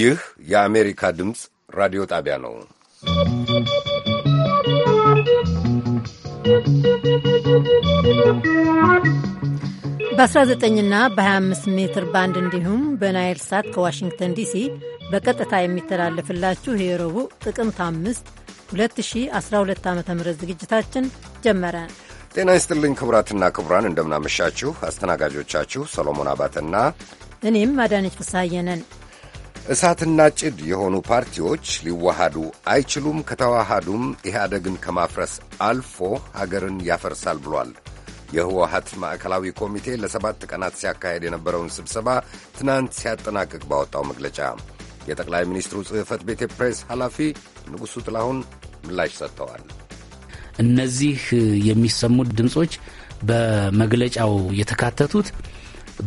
ይህ የአሜሪካ ድምፅ ራዲዮ ጣቢያ ነው። በ19ና በ25 ሜትር ባንድ እንዲሁም በናይል ሳት ከዋሽንግተን ዲሲ በቀጥታ የሚተላለፍላችሁ የረቡዕ ጥቅምት 5 2012 ዓ ም ዝግጅታችን ጀመረ። ጤና ይስጥልኝ ክቡራትና ክቡራን፣ እንደምናመሻችሁ። አስተናጋጆቻችሁ ሰሎሞን አባተና እኔም አዳነች ፍስሐዬ ነን። እሳትና ጭድ የሆኑ ፓርቲዎች ሊዋሃዱ አይችሉም። ከተዋሃዱም ኢህአደግን ከማፍረስ አልፎ ሀገርን ያፈርሳል ብሏል። የህወሀት ማዕከላዊ ኮሚቴ ለሰባት ቀናት ሲያካሄድ የነበረውን ስብሰባ ትናንት ሲያጠናቅቅ ባወጣው መግለጫ የጠቅላይ ሚኒስትሩ ጽሕፈት ቤት የፕሬስ ኃላፊ ንጉሡ ጥላሁን ምላሽ ሰጥተዋል። እነዚህ የሚሰሙት ድምፆች በመግለጫው የተካተቱት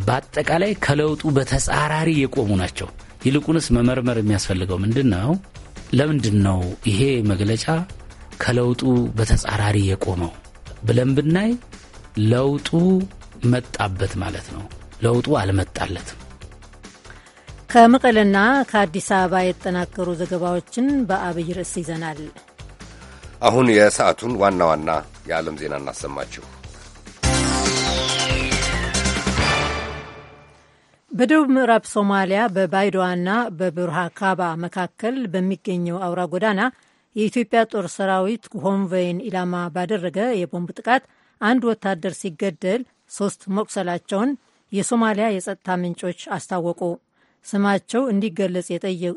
በአጠቃላይ ከለውጡ በተጻራሪ የቆሙ ናቸው። ይልቁንስ መመርመር የሚያስፈልገው ምንድን ነው? ለምንድን ነው ይሄ መግለጫ ከለውጡ በተጻራሪ የቆመው ብለን ብናይ ለውጡ መጣበት ማለት ነው። ለውጡ አልመጣለትም። ከመቀለና ከአዲስ አበባ የተጠናከሩ ዘገባዎችን በአብይ ርዕስ ይዘናል። አሁን የሰዓቱን ዋና ዋና የዓለም ዜና እናሰማችሁ። በደቡብ ምዕራብ ሶማሊያ በባይዶዋና ካባ መካከል በሚገኘው አውራ ጎዳና የኢትዮጵያ ጦር ሰራዊት ኮንቮይን ኢላማ ባደረገ የቦምብ ጥቃት አንድ ወታደር ሲገደል ሶስት መቁሰላቸውን የሶማሊያ የጸጥታ ምንጮች አስታወቁ። ስማቸው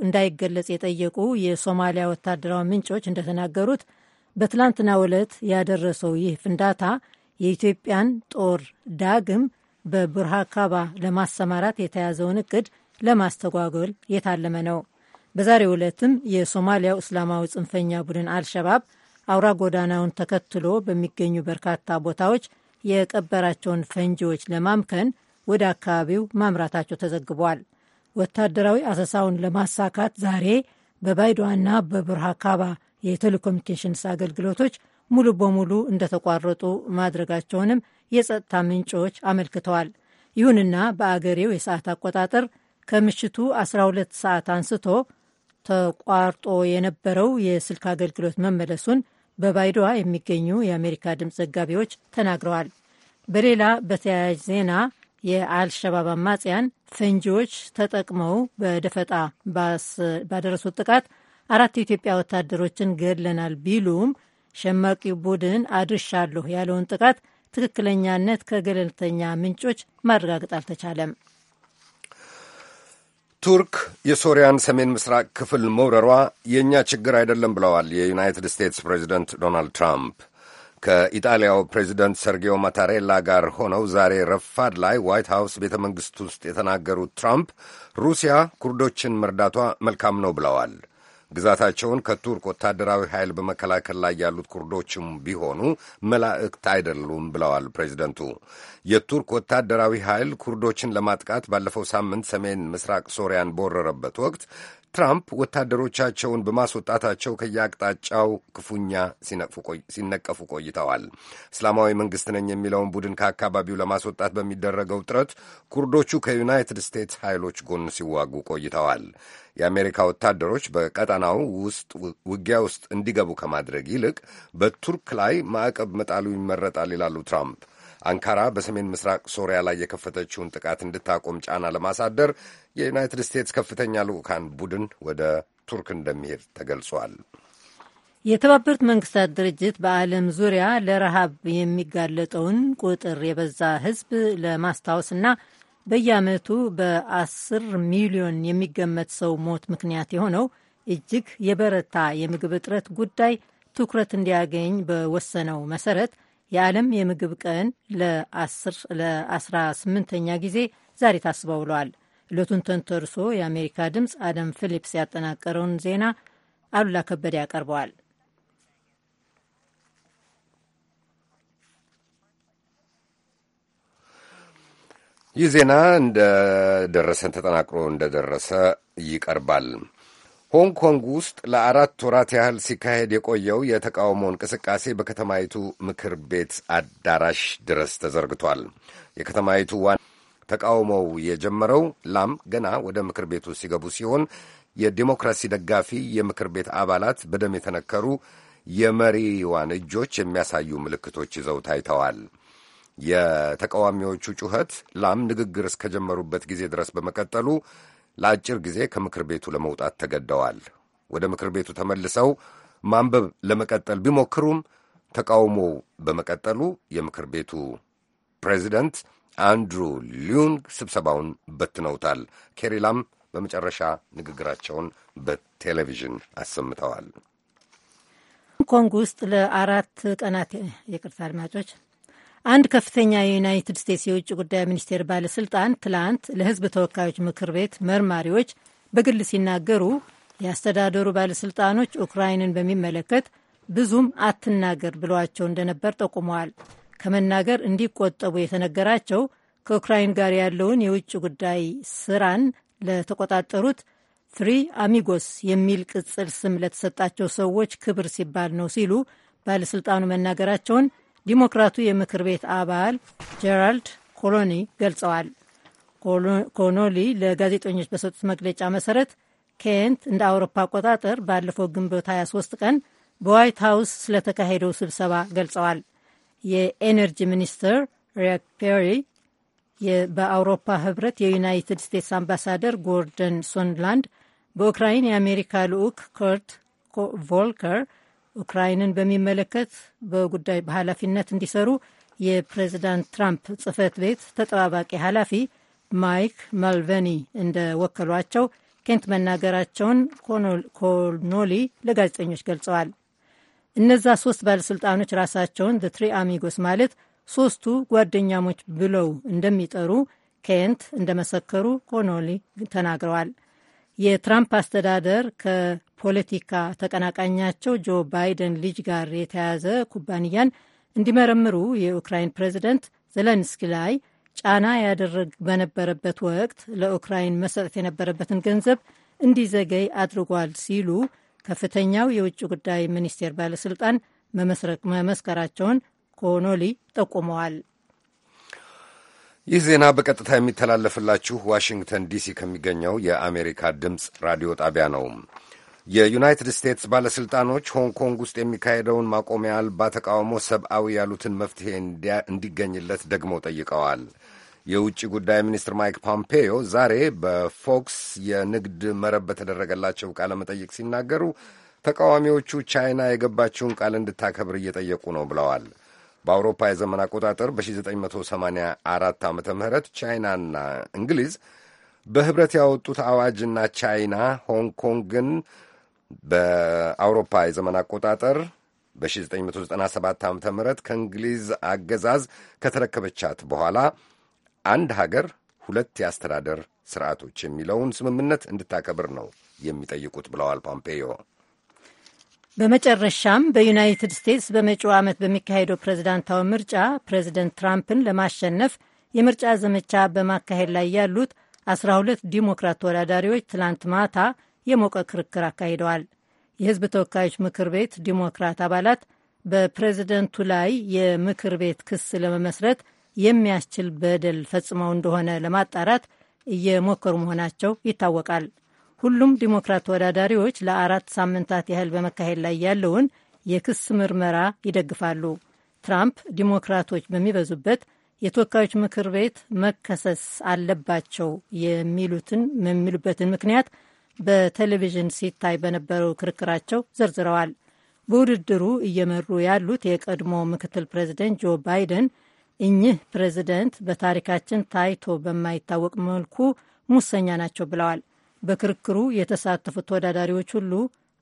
እንዳይገለጽ የጠየቁ የሶማሊያ ወታደራዊ ምንጮች እንደተናገሩት በትላንትናው ዕለት ያደረሰው ይህ ፍንዳታ የኢትዮጵያን ጦር ዳግም በቡርሃካባ ለማሰማራት የተያዘውን እቅድ ለማስተጓጎል የታለመ ነው። በዛሬው ዕለትም የሶማሊያው እስላማዊ ጽንፈኛ ቡድን አልሸባብ አውራ ጎዳናውን ተከትሎ በሚገኙ በርካታ ቦታዎች የቀበራቸውን ፈንጂዎች ለማምከን ወደ አካባቢው ማምራታቸው ተዘግቧል። ወታደራዊ አሰሳውን ለማሳካት ዛሬ በባይዶዋና በቡርሃካባ የቴሌኮሙኒኬሽንስ አገልግሎቶች ሙሉ በሙሉ እንደተቋረጡ ማድረጋቸውንም የጸጥታ ምንጮች አመልክተዋል። ይሁንና በአገሬው የሰዓት አቆጣጠር ከምሽቱ 12 ሰዓት አንስቶ ተቋርጦ የነበረው የስልክ አገልግሎት መመለሱን በባይዶዋ የሚገኙ የአሜሪካ ድምፅ ዘጋቢዎች ተናግረዋል። በሌላ በተያያዥ ዜና የአልሸባብ አማጽያን ፈንጂዎች ተጠቅመው በደፈጣ ባደረሱት ጥቃት አራት የኢትዮጵያ ወታደሮችን ገድለናል ቢሉም ሸማቂ ቡድን አድርሻለሁ ያለውን ጥቃት ትክክለኛነት ከገለልተኛ ምንጮች ማረጋገጥ አልተቻለም። ቱርክ የሶሪያን ሰሜን ምስራቅ ክፍል መውረሯ የእኛ ችግር አይደለም ብለዋል የዩናይትድ ስቴትስ ፕሬዚደንት ዶናልድ ትራምፕ ከኢጣሊያው ፕሬዚደንት ሰርጌዮ ማታሬላ ጋር ሆነው ዛሬ ረፋድ ላይ ዋይት ሃውስ ቤተ መንግሥት ውስጥ የተናገሩት ትራምፕ ሩሲያ ኩርዶችን መርዳቷ መልካም ነው ብለዋል። ግዛታቸውን ከቱርክ ወታደራዊ ኃይል በመከላከል ላይ ያሉት ኩርዶችም ቢሆኑ መላእክት አይደሉም ብለዋል ፕሬዚደንቱ። የቱርክ ወታደራዊ ኃይል ኩርዶችን ለማጥቃት ባለፈው ሳምንት ሰሜን ምስራቅ ሶሪያን በወረረበት ወቅት ትራምፕ ወታደሮቻቸውን በማስወጣታቸው ከየአቅጣጫው ክፉኛ ሲነቀፉ ቆይተዋል። እስላማዊ መንግሥት ነኝ የሚለውን ቡድን ከአካባቢው ለማስወጣት በሚደረገው ጥረት ኩርዶቹ ከዩናይትድ ስቴትስ ኃይሎች ጎን ሲዋጉ ቆይተዋል። የአሜሪካ ወታደሮች በቀጠናው ውስጥ ውጊያ ውስጥ እንዲገቡ ከማድረግ ይልቅ በቱርክ ላይ ማዕቀብ መጣሉ ይመረጣል ይላሉ ትራምፕ። አንካራ በሰሜን ምስራቅ ሶሪያ ላይ የከፈተችውን ጥቃት እንድታቆም ጫና ለማሳደር የዩናይትድ ስቴትስ ከፍተኛ ልዑካን ቡድን ወደ ቱርክ እንደሚሄድ ተገልጿል። የተባበሩት መንግስታት ድርጅት በዓለም ዙሪያ ለረሃብ የሚጋለጠውን ቁጥር የበዛ ህዝብ ለማስታወስና በየአመቱ በአስር ሚሊዮን የሚገመት ሰው ሞት ምክንያት የሆነው እጅግ የበረታ የምግብ እጥረት ጉዳይ ትኩረት እንዲያገኝ በወሰነው መሰረት የዓለም የምግብ ቀን ለ18ኛ ጊዜ ዛሬ ታስበው ውለዋል። እለቱን ተንተርሶ የአሜሪካ ድምፅ አደም ፊሊፕስ ያጠናቀረውን ዜና አሉላ ከበደ ያቀርበዋል። ይህ ዜና እንደደረሰን ተጠናቅሮ እንደ ደረሰ ይቀርባል። ሆንግ ኮንግ ውስጥ ለአራት ወራት ያህል ሲካሄድ የቆየው የተቃውሞ እንቅስቃሴ በከተማይቱ ምክር ቤት አዳራሽ ድረስ ተዘርግቷል። የከተማይቱ ዋና ተቃውሞው የጀመረው ላም ገና ወደ ምክር ቤቱ ሲገቡ ሲሆን የዲሞክራሲ ደጋፊ የምክር ቤት አባላት በደም የተነከሩ የመሪዋን እጆች የሚያሳዩ ምልክቶች ይዘው ታይተዋል። የተቃዋሚዎቹ ጩኸት ላም ንግግር እስከጀመሩበት ጊዜ ድረስ በመቀጠሉ ለአጭር ጊዜ ከምክር ቤቱ ለመውጣት ተገደዋል። ወደ ምክር ቤቱ ተመልሰው ማንበብ ለመቀጠል ቢሞክሩም ተቃውሞው በመቀጠሉ የምክር ቤቱ ፕሬዚደንት አንድሩ ሊዩንግ ስብሰባውን በትነውታል። ኬሪላም በመጨረሻ ንግግራቸውን በቴሌቪዥን አሰምተዋል። ሆንኮንግ ውስጥ ለአራት ቀናት የቅርታ አድማጮች፣ አንድ ከፍተኛ የዩናይትድ ስቴትስ የውጭ ጉዳይ ሚኒስቴር ባለስልጣን ትላንት ለሕዝብ ተወካዮች ምክር ቤት መርማሪዎች በግል ሲናገሩ የአስተዳደሩ ባለስልጣኖች ኡክራይንን በሚመለከት ብዙም አትናገር ብሏቸው እንደነበር ጠቁመዋል። ከመናገር እንዲቆጠቡ የተነገራቸው ከኡክራይን ጋር ያለውን የውጭ ጉዳይ ስራን ለተቆጣጠሩት ትሪ አሚጎስ የሚል ቅጽል ስም ለተሰጣቸው ሰዎች ክብር ሲባል ነው ሲሉ ባለሥልጣኑ መናገራቸውን ዲሞክራቱ የምክር ቤት አባል ጀራልድ ኮሎኒ ገልጸዋል። ኮኖሊ ለጋዜጠኞች በሰጡት መግለጫ መሰረት ኬንት እንደ አውሮፓ አቆጣጠር ባለፈው ግንቦት 23 ቀን በዋይት ሀውስ ስለተካሄደው ስብሰባ ገልጸዋል። የኤነርጂ ሚኒስትር ሪክ ፔሪ በአውሮፓ ህብረት የዩናይትድ ስቴትስ አምባሳደር ጎርደን ሶንላንድ በኡክራይን የአሜሪካ ልዑክ ከርት ቮልከር ኡክራይንን በሚመለከት በጉዳይ በኃላፊነት እንዲሰሩ የፕሬዚዳንት ትራምፕ ጽህፈት ቤት ተጠባባቂ ኃላፊ ማይክ ማልቨኒ እንደወከሏቸው ኬንት መናገራቸውን ኮኖሊ ለጋዜጠኞች ገልጸዋል። እነዛ ሶስት ባለሥልጣኖች ራሳቸውን ዘ ትሪ አሚጎስ ማለት ሶስቱ ጓደኛሞች ብለው እንደሚጠሩ ኬንት እንደመሰከሩ ኮኖሊ ተናግረዋል። የትራምፕ አስተዳደር ከፖለቲካ ተቀናቃኛቸው ጆ ባይደን ልጅ ጋር የተያዘ ኩባንያን እንዲመረምሩ የኡክራይን ፕሬዚደንት ዘለንስኪ ላይ ጫና ያደረግ በነበረበት ወቅት ለኡክራይን መሰጠት የነበረበትን ገንዘብ እንዲዘገይ አድርጓል ሲሉ ከፍተኛው የውጭ ጉዳይ ሚኒስቴር ባለስልጣን መመስከራቸውን ኮኖሊ ጠቁመዋል። ይህ ዜና በቀጥታ የሚተላለፍላችሁ ዋሽንግተን ዲሲ ከሚገኘው የአሜሪካ ድምፅ ራዲዮ ጣቢያ ነው። የዩናይትድ ስቴትስ ባለሥልጣኖች ሆንግ ኮንግ ውስጥ የሚካሄደውን ማቆሚያ አልባ ተቃውሞ ሰብአዊ ያሉትን መፍትሔ እንዲገኝለት ደግመው ጠይቀዋል። የውጭ ጉዳይ ሚኒስትር ማይክ ፖምፔዮ ዛሬ በፎክስ የንግድ መረብ በተደረገላቸው ቃለ መጠይቅ ሲናገሩ ተቃዋሚዎቹ ቻይና የገባችውን ቃል እንድታከብር እየጠየቁ ነው ብለዋል። በአውሮፓ የዘመን አቆጣጠር በ1984 ዓ ም ቻይናና እንግሊዝ በህብረት ያወጡት አዋጅና ቻይና ሆንግ ኮንግን በአውሮፓ የዘመን አቆጣጠር በ1997 ዓ ም ከእንግሊዝ አገዛዝ ከተረከበቻት በኋላ አንድ ሀገር ሁለት የአስተዳደር ስርዓቶች የሚለውን ስምምነት እንድታከብር ነው የሚጠይቁት ብለዋል ፖምፔዮ። በመጨረሻም በዩናይትድ ስቴትስ በመጪው ዓመት በሚካሄደው ፕሬዝዳንታዊ ምርጫ ፕሬዝደንት ትራምፕን ለማሸነፍ የምርጫ ዘመቻ በማካሄድ ላይ ያሉት 12 ዲሞክራት ተወዳዳሪዎች ትላንት ማታ የሞቀ ክርክር አካሂደዋል። የሕዝብ ተወካዮች ምክር ቤት ዲሞክራት አባላት በፕሬዝደንቱ ላይ የምክር ቤት ክስ ለመመስረት የሚያስችል በደል ፈጽመው እንደሆነ ለማጣራት እየሞከሩ መሆናቸው ይታወቃል። ሁሉም ዲሞክራት ተወዳዳሪዎች ለአራት ሳምንታት ያህል በመካሄድ ላይ ያለውን የክስ ምርመራ ይደግፋሉ። ትራምፕ ዲሞክራቶች በሚበዙበት የተወካዮች ምክር ቤት መከሰስ አለባቸው የሚሉትን የሚሉበትን ምክንያት በቴሌቪዥን ሲታይ በነበረው ክርክራቸው ዘርዝረዋል። በውድድሩ እየመሩ ያሉት የቀድሞ ምክትል ፕሬዚደንት ጆ ባይደን እኚህ ፕሬዚደንት በታሪካችን ታይቶ በማይታወቅ መልኩ ሙሰኛ ናቸው ብለዋል። በክርክሩ የተሳተፉት ተወዳዳሪዎች ሁሉ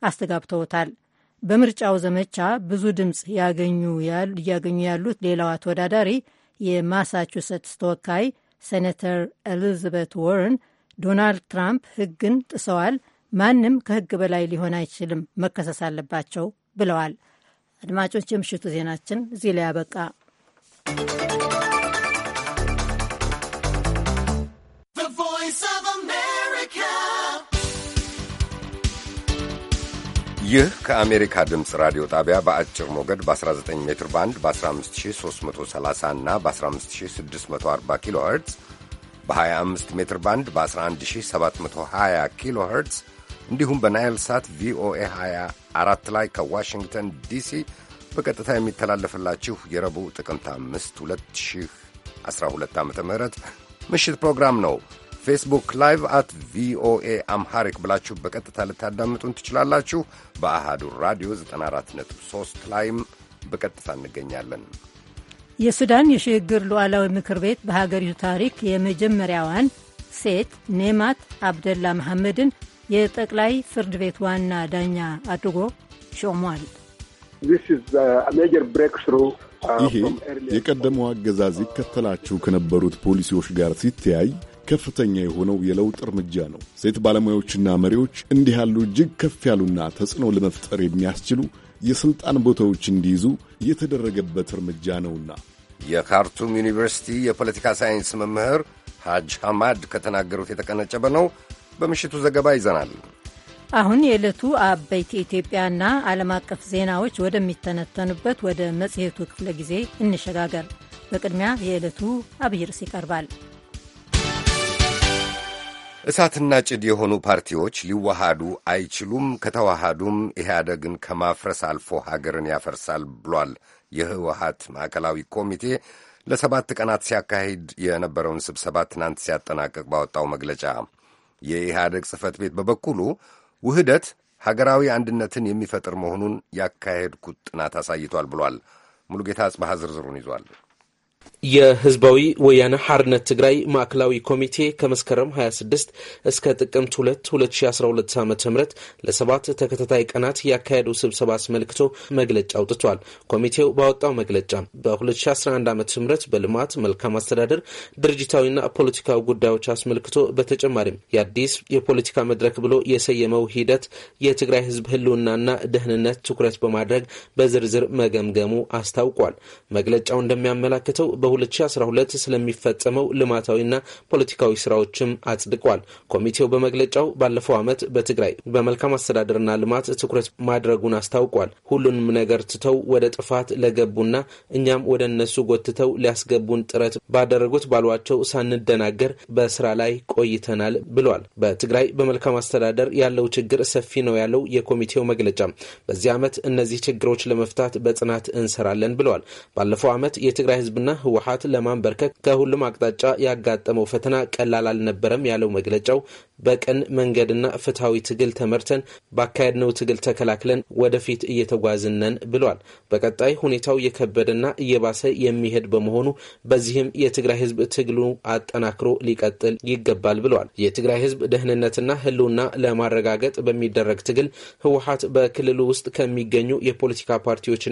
አስተጋብተውታል። በምርጫው ዘመቻ ብዙ ድምፅ እያገኙ ያሉት ሌላዋ ተወዳዳሪ የማሳቹሴትስ ተወካይ ሴኔተር ኤሊዛቤት ወርን ዶናልድ ትራምፕ ሕግን ጥሰዋል፣ ማንም ከሕግ በላይ ሊሆን አይችልም፣ መከሰስ አለባቸው ብለዋል። አድማጮች፣ የምሽቱ ዜናችን እዚህ ላይ you. ይህ ከአሜሪካ ድምፅ ራዲዮ ጣቢያ በአጭር ሞገድ በ19 ሜትር ባንድ በ15330 እና በ15640 ኪሎ ኸርትዝ በ25 ሜትር ባንድ በ11720 ኪሎ ኸርትዝ እንዲሁም በናይል ሳት ቪኦኤ 24 ላይ ከዋሽንግተን ዲሲ በቀጥታ የሚተላለፍላችሁ የረቡዕ ጥቅምት 5 2012 ዓ ም ምሽት ፕሮግራም ነው። ፌስቡክ ላይቭ አት ቪኦኤ አምሃሪክ ብላችሁ በቀጥታ ልታዳምጡን ትችላላችሁ። በአሃዱ ራዲዮ 94.3 ላይም በቀጥታ እንገኛለን። የሱዳን የሽግግር ሉዓላዊ ምክር ቤት በሀገሪቱ ታሪክ የመጀመሪያዋን ሴት ኔማት አብደላ መሐመድን የጠቅላይ ፍርድ ቤት ዋና ዳኛ አድርጎ ሾሟል። uh, uh, ይሄ የቀደመው አገዛዝ ይከተላችሁ ከነበሩት ፖሊሲዎች ጋር ሲተያይ ከፍተኛ የሆነው የለውጥ እርምጃ ነው። ሴት ባለሙያዎችና መሪዎች እንዲህ ያሉ እጅግ ከፍ ያሉና ተጽዕኖ ለመፍጠር የሚያስችሉ የሥልጣን ቦታዎች እንዲይዙ የተደረገበት እርምጃ ነውና የካርቱም ዩኒቨርሲቲ የፖለቲካ ሳይንስ መምህር ሐጅ ሐማድ ከተናገሩት የተቀነጨበ ነው። በምሽቱ ዘገባ ይዘናል። አሁን የዕለቱ አበይት የኢትዮጵያና ዓለም አቀፍ ዜናዎች ወደሚተነተኑበት ወደ መጽሔቱ ክፍለ ጊዜ እንሸጋገር። በቅድሚያ የዕለቱ አብይ ርዕስ ይቀርባል። እሳትና ጭድ የሆኑ ፓርቲዎች ሊዋሃዱ አይችሉም፣ ከተዋሃዱም ኢህአደግን ከማፍረስ አልፎ ሀገርን ያፈርሳል ብሏል የህወሀት ማዕከላዊ ኮሚቴ ለሰባት ቀናት ሲያካሂድ የነበረውን ስብሰባ ትናንት ሲያጠናቅቅ ባወጣው መግለጫ። የኢህአደግ ጽህፈት ቤት በበኩሉ ውህደት ሀገራዊ አንድነትን የሚፈጥር መሆኑን ያካሄድኩት ጥናት አሳይቷል ብሏል። ሙሉጌታ አጽባሃ ዝርዝሩን ይዟል። የህዝባዊ ወያነ ሐርነት ትግራይ ማዕከላዊ ኮሚቴ ከመስከረም 26 እስከ ጥቅምት 2 2012 ዓ ም ለሰባት ተከታታይ ቀናት ያካሄደው ስብሰባ አስመልክቶ መግለጫ አውጥቷል። ኮሚቴው ባወጣው መግለጫ በ2011 ዓ ም በልማት መልካም አስተዳደር፣ ድርጅታዊና ፖለቲካዊ ጉዳዮች አስመልክቶ በተጨማሪም የአዲስ የፖለቲካ መድረክ ብሎ የሰየመው ሂደት የትግራይ ህዝብ ህልውናና ደህንነት ትኩረት በማድረግ በዝርዝር መገምገሙ አስታውቋል። መግለጫው እንደሚያመላክተው በ2012 ስለሚፈጸመው ልማታዊና ፖለቲካዊ ስራዎችም አጽድቋል። ኮሚቴው በመግለጫው ባለፈው ዓመት በትግራይ በመልካም አስተዳደርና ልማት ትኩረት ማድረጉን አስታውቋል። ሁሉንም ነገር ትተው ወደ ጥፋት ለገቡና እኛም ወደ እነሱ ጎትተው ሊያስገቡን ጥረት ባደረጉት ባሏቸው ሳንደናገር በስራ ላይ ቆይተናል ብሏል። በትግራይ በመልካም አስተዳደር ያለው ችግር ሰፊ ነው ያለው የኮሚቴው መግለጫ በዚህ ዓመት እነዚህ ችግሮች ለመፍታት በጽናት እንሰራለን ብለዋል። ባለፈው ዓመት የትግራይ ህዝብና ህወሀት ለማንበርከክ ከሁሉም አቅጣጫ ያጋጠመው ፈተና ቀላል አልነበረም ያለው መግለጫው በቅን መንገድና ፍትሐዊ ትግል ተመርተን ባካሄድነው ትግል ተከላክለን ወደፊት እየተጓዝነን ብሏል። በቀጣይ ሁኔታው እየከበደና እየባሰ የሚሄድ በመሆኑ በዚህም የትግራይ ህዝብ ትግሉ አጠናክሮ ሊቀጥል ይገባል ብሏል። የትግራይ ህዝብ ደህንነትና ህልውና ለማረጋገጥ በሚደረግ ትግል ህወሀት በክልሉ ውስጥ ከሚገኙ የፖለቲካ ፓርቲዎችና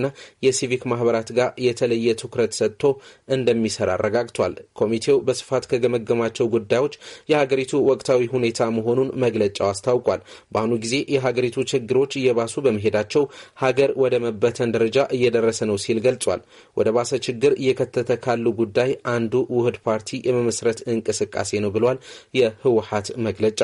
የሲቪክ ማህበራት ጋር የተለየ ትኩረት ሰጥቶ እንደሚሰራ አረጋግቷል። ኮሚቴው በስፋት ከገመገማቸው ጉዳዮች የሀገሪቱ ወቅታዊ ሁኔታ መሆኑን መግለጫው አስታውቋል። በአሁኑ ጊዜ የሀገሪቱ ችግሮች እየባሱ በመሄዳቸው ሀገር ወደ መበተን ደረጃ እየደረሰ ነው ሲል ገልጿል። ወደ ባሰ ችግር እየከተተ ካሉ ጉዳይ አንዱ ውህድ ፓርቲ የመመስረት እንቅስቃሴ ነው ብሏል። የህወሀት መግለጫ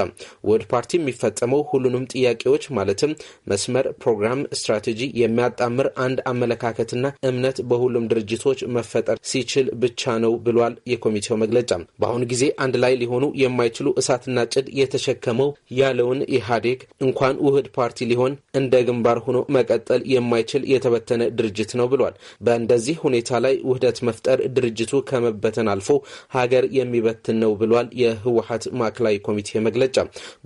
ውህድ ፓርቲ የሚፈጸመው ሁሉንም ጥያቄዎች ማለትም መስመር፣ ፕሮግራም፣ ስትራቴጂ የሚያጣምር አንድ አመለካከትና እምነት በሁሉም ድርጅቶች መፈጠር ሲ የሚችል ብቻ ነው ብሏል የኮሚቴው መግለጫ። በአሁኑ ጊዜ አንድ ላይ ሊሆኑ የማይችሉ እሳትና ጭድ የተሸከመው ያለውን ኢህአዴግ እንኳን ውህድ ፓርቲ ሊሆን እንደ ግንባር ሆኖ መቀጠል የማይችል የተበተነ ድርጅት ነው ብሏል። በእንደዚህ ሁኔታ ላይ ውህደት መፍጠር ድርጅቱ ከመበተን አልፎ ሀገር የሚበትን ነው ብሏል የህወሀት ማዕከላዊ ኮሚቴ መግለጫ።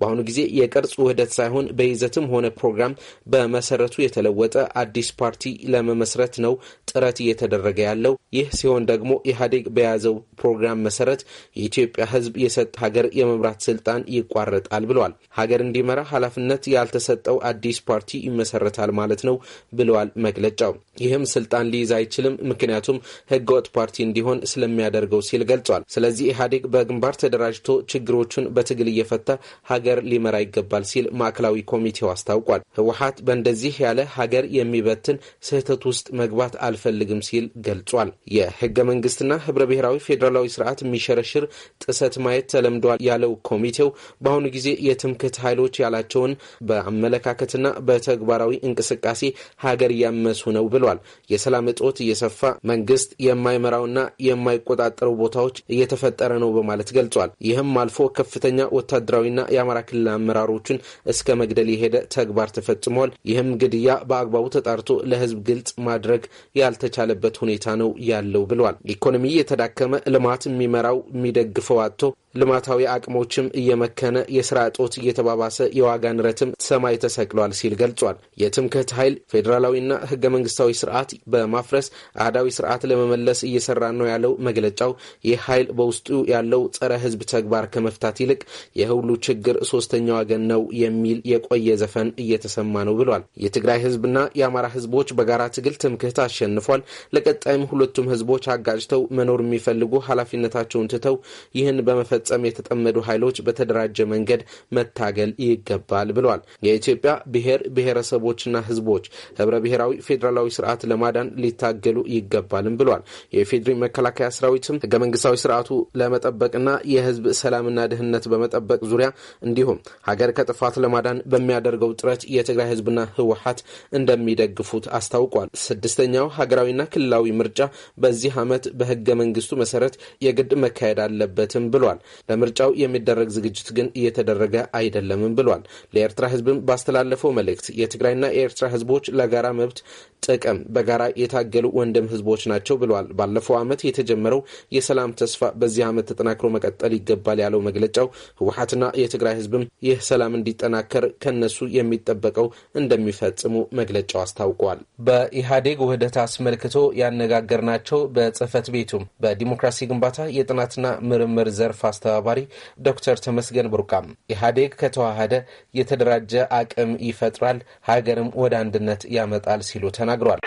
በአሁኑ ጊዜ የቅርጽ ውህደት ሳይሆን በይዘትም ሆነ ፕሮግራም በመሰረቱ የተለወጠ አዲስ ፓርቲ ለመመስረት ነው ጥረት እየተደረገ ያለው ይህ ሲሆን ደግሞ ኢህአዴግ በያዘው ፕሮግራም መሰረት የኢትዮጵያ ህዝብ የሰጥ ሀገር የመምራት ስልጣን ይቋረጣል ብለዋል። ሀገር እንዲመራ ኃላፊነት ያልተሰጠው አዲስ ፓርቲ ይመሰረታል ማለት ነው ብለዋል መግለጫው። ይህም ስልጣን ሊይዝ አይችልም፣ ምክንያቱም ህገወጥ ፓርቲ እንዲሆን ስለሚያደርገው ሲል ገልጿል። ስለዚህ ኢህአዴግ በግንባር ተደራጅቶ ችግሮቹን በትግል እየፈታ ሀገር ሊመራ ይገባል ሲል ማዕከላዊ ኮሚቴው አስታውቋል። ህወሀት በእንደዚህ ያለ ሀገር የሚበትን ስህተት ውስጥ መግባት አልፈልግም ሲል ገልጿል። የህገ መንግስትና ህብረ ብሔራዊ ፌዴራላዊ ስርዓት የሚሸረሽር ጥሰት ማየት ተለምዷል ያለው ኮሚቴው በአሁኑ ጊዜ የትምክህት ኃይሎች ያላቸውን በአመለካከትና በተግባራዊ እንቅስቃሴ ሀገር እያመሱ ነው ብሏል። የሰላም እጦት እየሰፋ መንግስት የማይመራውና የማይቆጣጠረው ቦታዎች እየተፈጠረ ነው በማለት ገልጿል። ይህም አልፎ ከፍተኛ ወታደራዊና የአማራ ክልል አመራሮቹን እስከ መግደል የሄደ ተግባር ተፈጽሟል። ይህም ግድያ በአግባቡ ተጣርቶ ለህዝብ ግልጽ ማድረግ ያልተቻለበት ሁኔታ ነው ያለው ብሏል። ተናግረዋል። ኢኮኖሚ እየተዳከመ ልማት የሚመራው የሚደግፈው አቶ ልማታዊ አቅሞችም እየመከነ የስራ እጦት እየተባባሰ የዋጋ ንረትም ሰማይ ተሰቅሏል ሲል ገልጿል። የትምክህት ኃይል ፌዴራላዊና ህገ መንግስታዊ ስርዓት በማፍረስ አህዳዊ ስርዓት ለመመለስ እየሰራ ነው ያለው መግለጫው ይህ ኃይል በውስጡ ያለው ጸረ ህዝብ ተግባር ከመፍታት ይልቅ የሁሉ ችግር ሶስተኛ ወገን ነው የሚል የቆየ ዘፈን እየተሰማ ነው ብሏል። የትግራይ ህዝብና የአማራ ህዝቦች በጋራ ትግል ትምክህት አሸንፏል። ለቀጣይም ሁለቱም ህዝቦች ተጋጭተው መኖር የሚፈልጉ ኃላፊነታቸውን ትተው ይህን በመፈጸም የተጠመዱ ኃይሎች በተደራጀ መንገድ መታገል ይገባል ብሏል። የኢትዮጵያ ብሔር ብሔረሰቦችና ህዝቦች ህብረ ብሔራዊ ፌዴራላዊ ስርዓት ለማዳን ሊታገሉ ይገባልም ብሏል። የፌዴሪ መከላከያ ሰራዊትም ህገ መንግስታዊ ስርዓቱ ለመጠበቅና የህዝብ ሰላምና ደህንነት በመጠበቅ ዙሪያ እንዲሁም ሀገር ከጥፋት ለማዳን በሚያደርገው ጥረት የትግራይ ህዝብና ህወሀት እንደሚደግፉት አስታውቋል። ስድስተኛው ሀገራዊና ክልላዊ ምርጫ በዚህ አመት ሹመት በህገ መንግስቱ መሰረት የግድ መካሄድ አለበትም ብሏል። ለምርጫው የሚደረግ ዝግጅት ግን እየተደረገ አይደለምም ብሏል። ለኤርትራ ህዝብም ባስተላለፈው መልእክት የትግራይና የኤርትራ ህዝቦች ለጋራ መብት ጥቅም በጋራ የታገሉ ወንድም ህዝቦች ናቸው ብሏል። ባለፈው ዓመት የተጀመረው የሰላም ተስፋ በዚህ ዓመት ተጠናክሮ መቀጠል ይገባል ያለው መግለጫው ህወሓትና የትግራይ ህዝብም ይህ ሰላም እንዲጠናከር ከነሱ የሚጠበቀው እንደሚፈጽሙ መግለጫው አስታውቋል። በኢህአዴግ ውህደት አስመልክቶ ያነጋገርናቸው በጽ ጽህፈት ቤቱም በዲሞክራሲ ግንባታ የጥናትና ምርምር ዘርፍ አስተባባሪ ዶክተር ተመስገን ቡርቃም ኢህአዴግ ከተዋሃደ የተደራጀ አቅም ይፈጥራል፣ ሀገርም ወደ አንድነት ያመጣል ሲሉ ተናግሯል።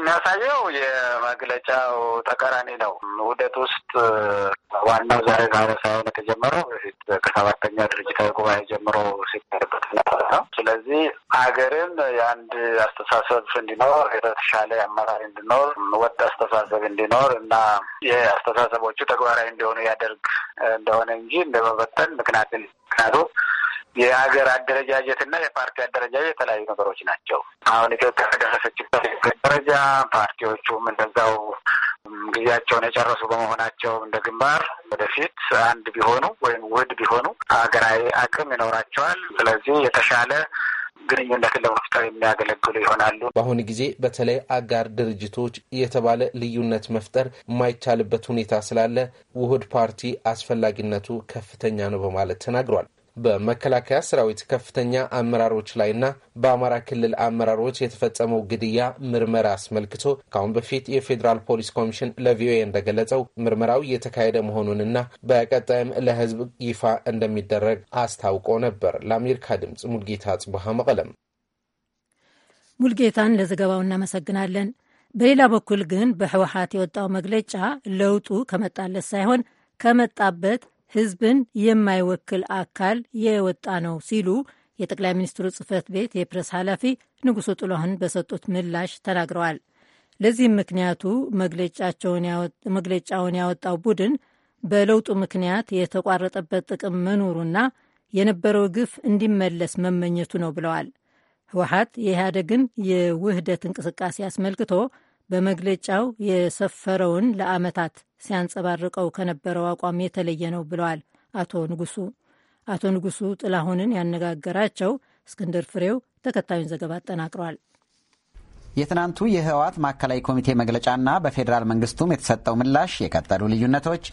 የሚያሳየው የመግለጫው ተቃራኒ ነው። ውህደት ውስጥ ዋናው ዛሬ ጋር ሳይሆን የተጀመረው በፊት ከሰባተኛ ድርጅታዊ ጉባኤ ጀምሮ ሲካሄድበት ነበር ነው። ስለዚህ ሀገርን የአንድ አስተሳሰብ እንዲኖር የተሻለ አመራር እንዲኖር ወጥ አስተሳሰብ እንዲኖር እና የአስተሳሰቦቹ ተግባራዊ እንዲሆኑ ያደርግ እንደሆነ እንጂ እንደመበተን ምክንያትን ምክንያቱ የሀገር አደረጃጀት የፓርቲ አደረጃጀት የተለያዩ ነገሮች ናቸው። አሁን ኢትዮጵያ ከደረሰችበት ደረጃ ፓርቲዎቹም እንደዛው ጊዜያቸውን የጨረሱ በመሆናቸው እንደ ግንባር ወደፊት አንድ ቢሆኑ ወይም ውህድ ቢሆኑ ሀገራዊ አቅም ይኖራቸዋል። ስለዚህ የተሻለ ግንኙነትን ለመፍጠር የሚያገለግሉ ይሆናሉ። በአሁኑ ጊዜ በተለይ አጋር ድርጅቶች የተባለ ልዩነት መፍጠር የማይቻልበት ሁኔታ ስላለ ውህድ ፓርቲ አስፈላጊነቱ ከፍተኛ ነው በማለት ተናግሯል። በመከላከያ ሰራዊት ከፍተኛ አመራሮች ላይና በአማራ ክልል አመራሮች የተፈጸመው ግድያ ምርመራ አስመልክቶ ከአሁን በፊት የፌዴራል ፖሊስ ኮሚሽን ለቪኦኤ እንደገለጸው ምርመራው እየተካሄደ መሆኑንና በቀጣይም ለሕዝብ ይፋ እንደሚደረግ አስታውቆ ነበር። ለአሜሪካ ድምፅ ሙልጌታ ጽቡሃ መቀለም። ሙልጌታን ለዘገባው እናመሰግናለን። በሌላ በኩል ግን በህወሀት የወጣው መግለጫ ለውጡ ከመጣለት ሳይሆን ከመጣበት ህዝብን የማይወክል አካል የወጣ ነው ሲሉ የጠቅላይ ሚኒስትሩ ጽህፈት ቤት የፕሬስ ኃላፊ ንጉሱ ጥላሁን በሰጡት ምላሽ ተናግረዋል። ለዚህም ምክንያቱ መግለጫውን ያወጣው ቡድን በለውጡ ምክንያት የተቋረጠበት ጥቅም መኖሩና የነበረው ግፍ እንዲመለስ መመኘቱ ነው ብለዋል። ህወሀት የኢህአደግን የውህደት እንቅስቃሴ አስመልክቶ በመግለጫው የሰፈረውን ለዓመታት ሲያንጸባርቀው ከነበረው አቋም የተለየ ነው ብለዋል አቶ ንጉሱ። አቶ ንጉሱ ጥላሁንን ያነጋገራቸው እስክንድር ፍሬው ተከታዩን ዘገባ አጠናቅሯል። የትናንቱ የህወሓት ማዕከላዊ ኮሚቴ መግለጫና በፌዴራል መንግስቱም የተሰጠው ምላሽ የቀጠሉ ልዩነቶች፣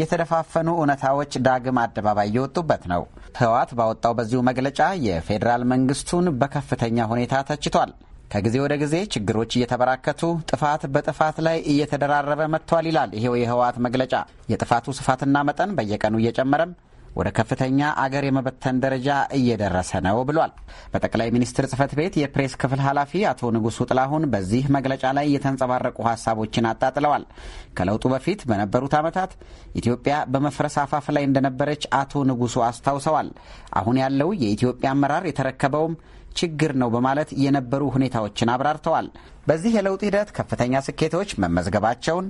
የተደፋፈኑ እውነታዎች ዳግም አደባባይ እየወጡበት ነው። ህወሓት ባወጣው በዚሁ መግለጫ የፌዴራል መንግስቱን በከፍተኛ ሁኔታ ተችቷል። ከጊዜ ወደ ጊዜ ችግሮች እየተበራከቱ ጥፋት በጥፋት ላይ እየተደራረበ መጥቷል ይላል ይሄው የህወሓት መግለጫ። የጥፋቱ ስፋትና መጠን በየቀኑ እየጨመረም ወደ ከፍተኛ አገር የመበተን ደረጃ እየደረሰ ነው ብሏል። በጠቅላይ ሚኒስትር ጽህፈት ቤት የፕሬስ ክፍል ኃላፊ አቶ ንጉሱ ጥላሁን በዚህ መግለጫ ላይ የተንጸባረቁ ሀሳቦችን አጣጥለዋል። ከለውጡ በፊት በነበሩት ዓመታት ኢትዮጵያ በመፍረስ አፋፍ ላይ እንደነበረች አቶ ንጉሱ አስታውሰዋል። አሁን ያለው የኢትዮጵያ አመራር የተረከበውም ችግር ነው በማለት የነበሩ ሁኔታዎችን አብራርተዋል። በዚህ የለውጥ ሂደት ከፍተኛ ስኬቶች መመዝገባቸውን፣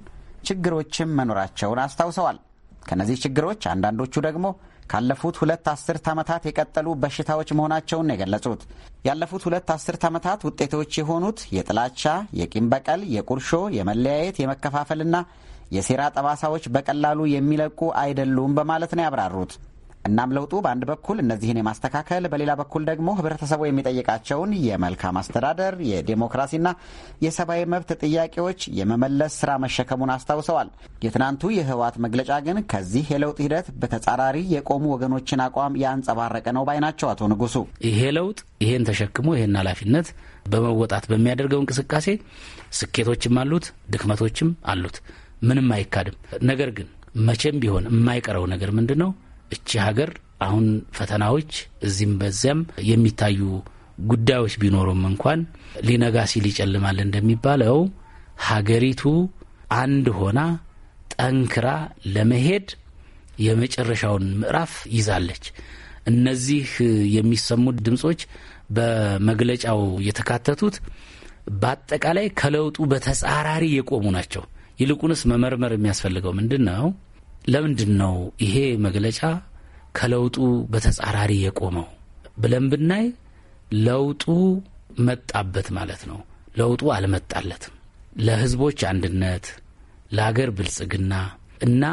ችግሮችም መኖራቸውን አስታውሰዋል። ከነዚህ ችግሮች አንዳንዶቹ ደግሞ ካለፉት ሁለት አስርት ዓመታት የቀጠሉ በሽታዎች መሆናቸውን የገለጹት ያለፉት ሁለት አስርት ዓመታት ውጤቶች የሆኑት የጥላቻ፣ የቂም በቀል፣ የቁርሾ፣ የመለያየት፣ የመከፋፈልና የሴራ ጠባሳዎች በቀላሉ የሚለቁ አይደሉም በማለት ነው ያብራሩት። እናም ለውጡ በአንድ በኩል እነዚህን የማስተካከል በሌላ በኩል ደግሞ ህብረተሰቡ የሚጠይቃቸውን የመልካም አስተዳደር፣ የዴሞክራሲና የሰብአዊ መብት ጥያቄዎች የመመለስ ስራ መሸከሙን አስታውሰዋል። የትናንቱ የህወሓት መግለጫ ግን ከዚህ የለውጥ ሂደት በተጻራሪ የቆሙ ወገኖችን አቋም ያንጸባረቀ ነው ባይ ናቸው አቶ ንጉሱ። ይሄ ለውጥ ይሄን ተሸክሞ ይሄን ኃላፊነት በመወጣት በሚያደርገው እንቅስቃሴ ስኬቶችም አሉት፣ ድክመቶችም አሉት። ምንም አይካድም። ነገር ግን መቼም ቢሆን የማይቀረው ነገር ምንድን ነው? እቺ ሀገር አሁን ፈተናዎች እዚህም በዚያም የሚታዩ ጉዳዮች ቢኖሩም እንኳን ሊነጋ ሲል ይጨልማል እንደሚባለው ሀገሪቱ አንድ ሆና ጠንክራ ለመሄድ የመጨረሻውን ምዕራፍ ይዛለች። እነዚህ የሚሰሙት ድምጾች በመግለጫው የተካተቱት በአጠቃላይ ከለውጡ በተጻራሪ የቆሙ ናቸው። ይልቁንስ መመርመር የሚያስፈልገው ምንድን ነው? ለምንድን ነው ይሄ መግለጫ ከለውጡ በተጻራሪ የቆመው ብለን ብናይ ለውጡ መጣበት ማለት ነው። ለውጡ አልመጣለትም። ለህዝቦች አንድነት፣ ለአገር ብልጽግና እና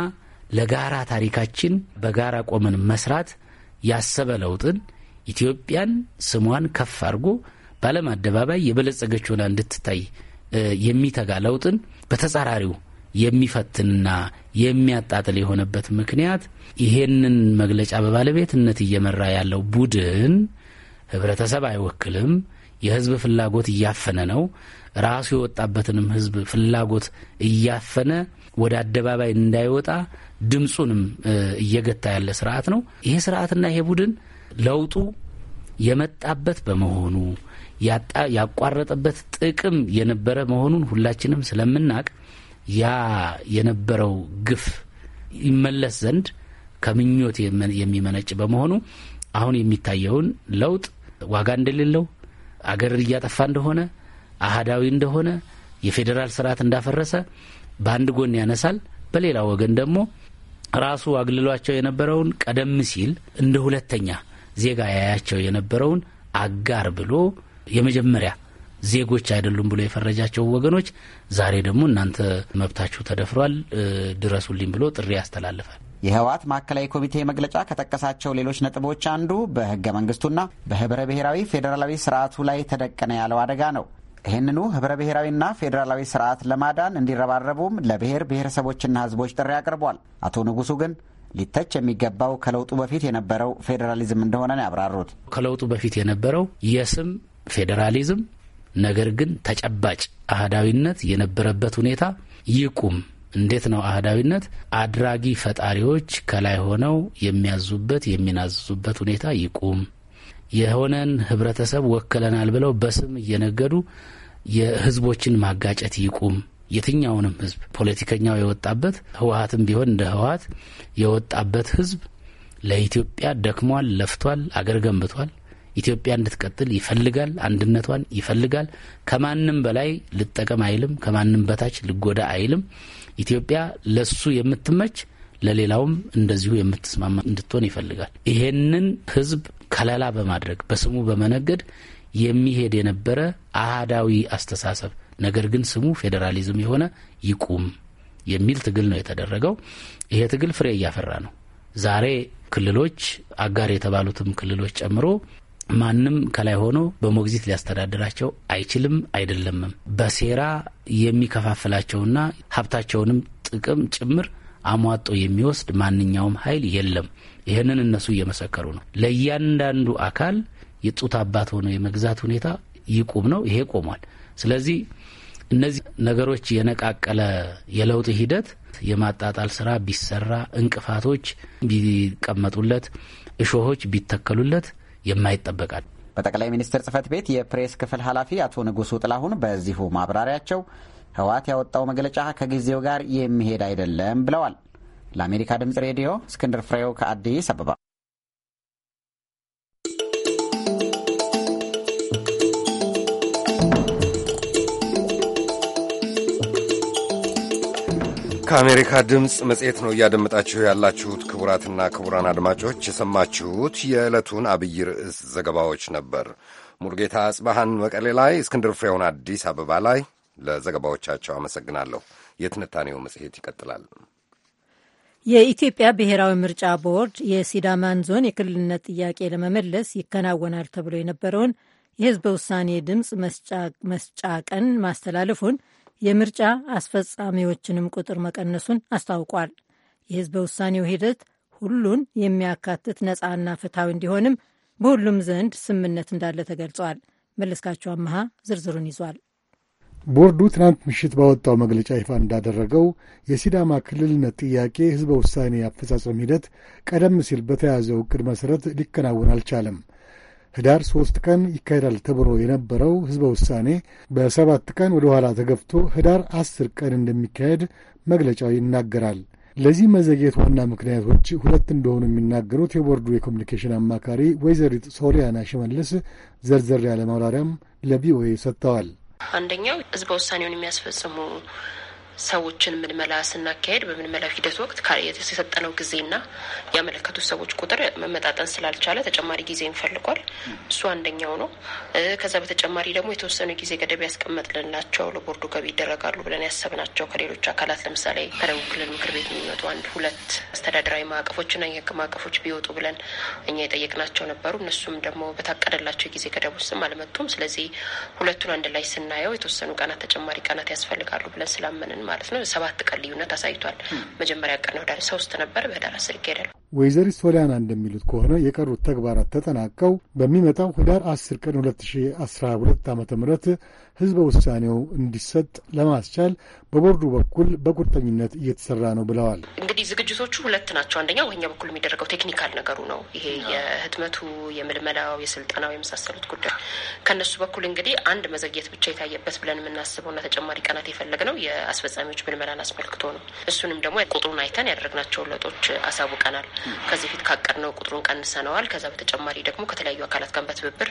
ለጋራ ታሪካችን በጋራ ቆመን መስራት ያሰበ ለውጥን ኢትዮጵያን ስሟን ከፍ አድርጎ በዓለም አደባባይ የበለጸገች ሆና እንድትታይ የሚተጋ ለውጥን በተጻራሪው የሚፈትንና የሚያጣጥል የሆነበት ምክንያት ይሄንን መግለጫ በባለቤትነት እየመራ ያለው ቡድን ህብረተሰብ አይወክልም። የህዝብ ፍላጎት እያፈነ ነው። ራሱ የወጣበትንም ህዝብ ፍላጎት እያፈነ ወደ አደባባይ እንዳይወጣ ድምፁንም እየገታ ያለ ስርዓት ነው። ይሄ ስርዓትና ይሄ ቡድን ለውጡ የመጣበት በመሆኑ ያቋረጠበት ጥቅም የነበረ መሆኑን ሁላችንም ስለምናቅ ያ የነበረው ግፍ ይመለስ ዘንድ ከምኞት የሚመነጭ በመሆኑ አሁን የሚታየውን ለውጥ ዋጋ እንደሌለው አገር እያጠፋ እንደሆነ አህዳዊ እንደሆነ የፌዴራል ስርዓት እንዳፈረሰ በአንድ ጎን ያነሳል። በሌላ ወገን ደግሞ ራሱ አግልሏቸው የነበረውን ቀደም ሲል እንደ ሁለተኛ ዜጋ ያያቸው የነበረውን አጋር ብሎ የመጀመሪያ ዜጎች አይደሉም ብሎ የፈረጃቸው ወገኖች ዛሬ ደግሞ እናንተ መብታችሁ ተደፍሯል ድረሱልኝ ብሎ ጥሪ ያስተላልፋል። የህወሓት ማዕከላዊ ኮሚቴ መግለጫ ከጠቀሳቸው ሌሎች ነጥቦች አንዱ በህገ መንግስቱና በህብረ ብሔራዊ ፌዴራላዊ ስርዓቱ ላይ ተደቀነ ያለው አደጋ ነው። ይህንኑ ህብረ ብሔራዊና ፌዴራላዊ ስርዓት ለማዳን እንዲረባረቡም ለብሔር ብሔረሰቦችና ህዝቦች ጥሪ አቅርቧል። አቶ ንጉሱ ግን ሊተች የሚገባው ከለውጡ በፊት የነበረው ፌዴራሊዝም እንደሆነ ነው ያብራሩት። ከለውጡ በፊት የነበረው የስም ፌዴራሊዝም ነገር ግን ተጨባጭ አህዳዊነት የነበረበት ሁኔታ ይቁም። እንዴት ነው አህዳዊነት አድራጊ ፈጣሪዎች ከላይ ሆነው የሚያዙበት የሚናዝዙበት ሁኔታ ይቁም። የሆነን ህብረተሰብ ወክለናል ብለው በስም እየነገዱ የህዝቦችን ማጋጨት ይቁም። የትኛውንም ህዝብ ፖለቲከኛው የወጣበት ህወሀትም ቢሆን እንደ ህወሀት የወጣበት ህዝብ ለኢትዮጵያ ደክሟል፣ ለፍቷል፣ አገር ገንብቷል። ኢትዮጵያ እንድትቀጥል ይፈልጋል። አንድነቷን ይፈልጋል። ከማንም በላይ ልጠቀም አይልም። ከማንም በታች ልጎዳ አይልም። ኢትዮጵያ ለሱ የምትመች ለሌላውም እንደዚሁ የምትስማማ እንድትሆን ይፈልጋል። ይሄንን ህዝብ ከለላ በማድረግ በስሙ በመነገድ የሚሄድ የነበረ አህዳዊ አስተሳሰብ ነገር ግን ስሙ ፌዴራሊዝም የሆነ ይቁም የሚል ትግል ነው የተደረገው። ይሄ ትግል ፍሬ እያፈራ ነው። ዛሬ ክልሎች አጋር የተባሉትም ክልሎች ጨምሮ ማንም ከላይ ሆኖ በሞግዚት ሊያስተዳድራቸው አይችልም አይደለምም። በሴራ የሚከፋፍላቸውና ሀብታቸውንም ጥቅም ጭምር አሟጦ የሚወስድ ማንኛውም ኃይል የለም። ይህንን እነሱ እየመሰከሩ ነው። ለእያንዳንዱ አካል የጡት አባት ሆኖ የመግዛት ሁኔታ ይቁም ነው። ይሄ ቆሟል። ስለዚህ እነዚህ ነገሮች የነቃቀለ የለውጥ ሂደት የማጣጣል ስራ ቢሰራ፣ እንቅፋቶች ቢቀመጡለት፣ እሾሆች ቢተከሉለት የማይጠበቃል። በጠቅላይ ሚኒስትር ጽህፈት ቤት የፕሬስ ክፍል ኃላፊ አቶ ንጉሱ ጥላሁን በዚሁ ማብራሪያቸው ህወሓት ያወጣው መግለጫ ከጊዜው ጋር የሚሄድ አይደለም ብለዋል። ለአሜሪካ ድምጽ ሬዲዮ እስክንድር ፍሬው ከአዲስ አበባ ከአሜሪካ ድምፅ መጽሔት ነው እያደመጣችሁ ያላችሁት። ክቡራትና ክቡራን አድማጮች የሰማችሁት የዕለቱን አብይ ርዕስ ዘገባዎች ነበር። ሙልጌታ አጽባሃን መቀሌ ላይ፣ እስክንድር ፍሬውን አዲስ አበባ ላይ ለዘገባዎቻቸው አመሰግናለሁ። የትንታኔው መጽሔት ይቀጥላል። የኢትዮጵያ ብሔራዊ ምርጫ ቦርድ የሲዳማን ዞን የክልልነት ጥያቄ ለመመለስ ይከናወናል ተብሎ የነበረውን የህዝበ ውሳኔ ድምፅ መስጫ ቀን ማስተላለፉን የምርጫ አስፈጻሚዎችንም ቁጥር መቀነሱን አስታውቋል። የህዝበ ውሳኔው ሂደት ሁሉን የሚያካትት ነፃና ፍትሐዊ እንዲሆንም በሁሉም ዘንድ ስምምነት እንዳለ ተገልጿል። መለስካቸው አመሃ ዝርዝሩን ይዟል። ቦርዱ ትናንት ምሽት ባወጣው መግለጫ ይፋ እንዳደረገው የሲዳማ ክልልነት ጥያቄ ህዝበ ውሳኔ አፈጻጸም ሂደት ቀደም ሲል በተያዘው እቅድ መሠረት ሊከናወን አልቻለም። ህዳር ሶስት ቀን ይካሄዳል ተብሎ የነበረው ህዝበ ውሳኔ በሰባት ቀን ወደ ኋላ ተገፍቶ ህዳር አስር ቀን እንደሚካሄድ መግለጫው ይናገራል። ለዚህ መዘግየት ዋና ምክንያቶች ሁለት እንደሆኑ የሚናገሩት የቦርዱ የኮሚኒኬሽን አማካሪ ወይዘሪት ሶሊያና ሽመልስ ዘርዘር ያለ ማብራሪያም ለቪኦኤ ሰጥተዋል። አንደኛው ህዝበ ውሳኔውን የሚያስፈጽሙ ሰዎችን ምልመላ ስናካሄድ በምልመላው ሂደት ወቅት የተሰጠነው ጊዜና ያመለከቱት ሰዎች ቁጥር መመጣጠን ስላልቻለ ተጨማሪ ጊዜ ፈልጓል። እሱ አንደኛው ነው። ከዛ በተጨማሪ ደግሞ የተወሰኑ ጊዜ ገደብ ያስቀመጥልንላቸው ለቦርዱ ገቢ ይደረጋሉ ብለን ያሰብናቸው ከሌሎች አካላት ለምሳሌ ከደቡብ ክልል ምክር ቤት የሚመጡ አንድ ሁለት አስተዳደራዊ ማዕቀፎችና የህግ ማዕቀፎች ቢወጡ ብለን እኛ የጠየቅናቸው ነበሩ። እነሱም ደግሞ በታቀደላቸው ጊዜ ገደብ ውስጥም አልመጡም። ስለዚህ ሁለቱን አንድ ላይ ስናየው የተወሰኑ ቀናት ተጨማሪ ቀናት ያስፈልጋሉ ብለን ስላመንን ማለት ነው። ሰባት ቀን ልዩነት አሳይቷል። መጀመሪያ ቀን ነው ዳር ሶስት ነበር፣ በዳር አስር ይካሄዳል። ወይዘሪት ሶሊያና እንደሚሉት ከሆነ የቀሩት ተግባራት ተጠናቀው በሚመጣው ህዳር 10 ቀን 2012 ዓ ም ህዝበ ውሳኔው እንዲሰጥ ለማስቻል በቦርዱ በኩል በቁርጠኝነት እየተሰራ ነው ብለዋል። እንግዲህ ዝግጅቶቹ ሁለት ናቸው። አንደኛው በኛ በኩል የሚደረገው ቴክኒካል ነገሩ ነው። ይሄ የህትመቱ፣ የምልመላው፣ የስልጠናው የመሳሰሉት ጉዳይ ከነሱ በኩል እንግዲህ አንድ መዘግየት ብቻ የታየበት ብለን የምናስበውና ተጨማሪ ቀናት ነው የአስፈጻሚዎች ምልመላን አስመልክቶ ነው። እሱንም ደግሞ ቁጥሩን አይተን ያደረግናቸውን ለውጦች አሳውቀናል። ከዚህ በፊት ካቀድነው ቁጥሩን ቀንሰነዋል። ከዛ በተጨማሪ ደግሞ ከተለያዩ አካላት ጋር በትብብር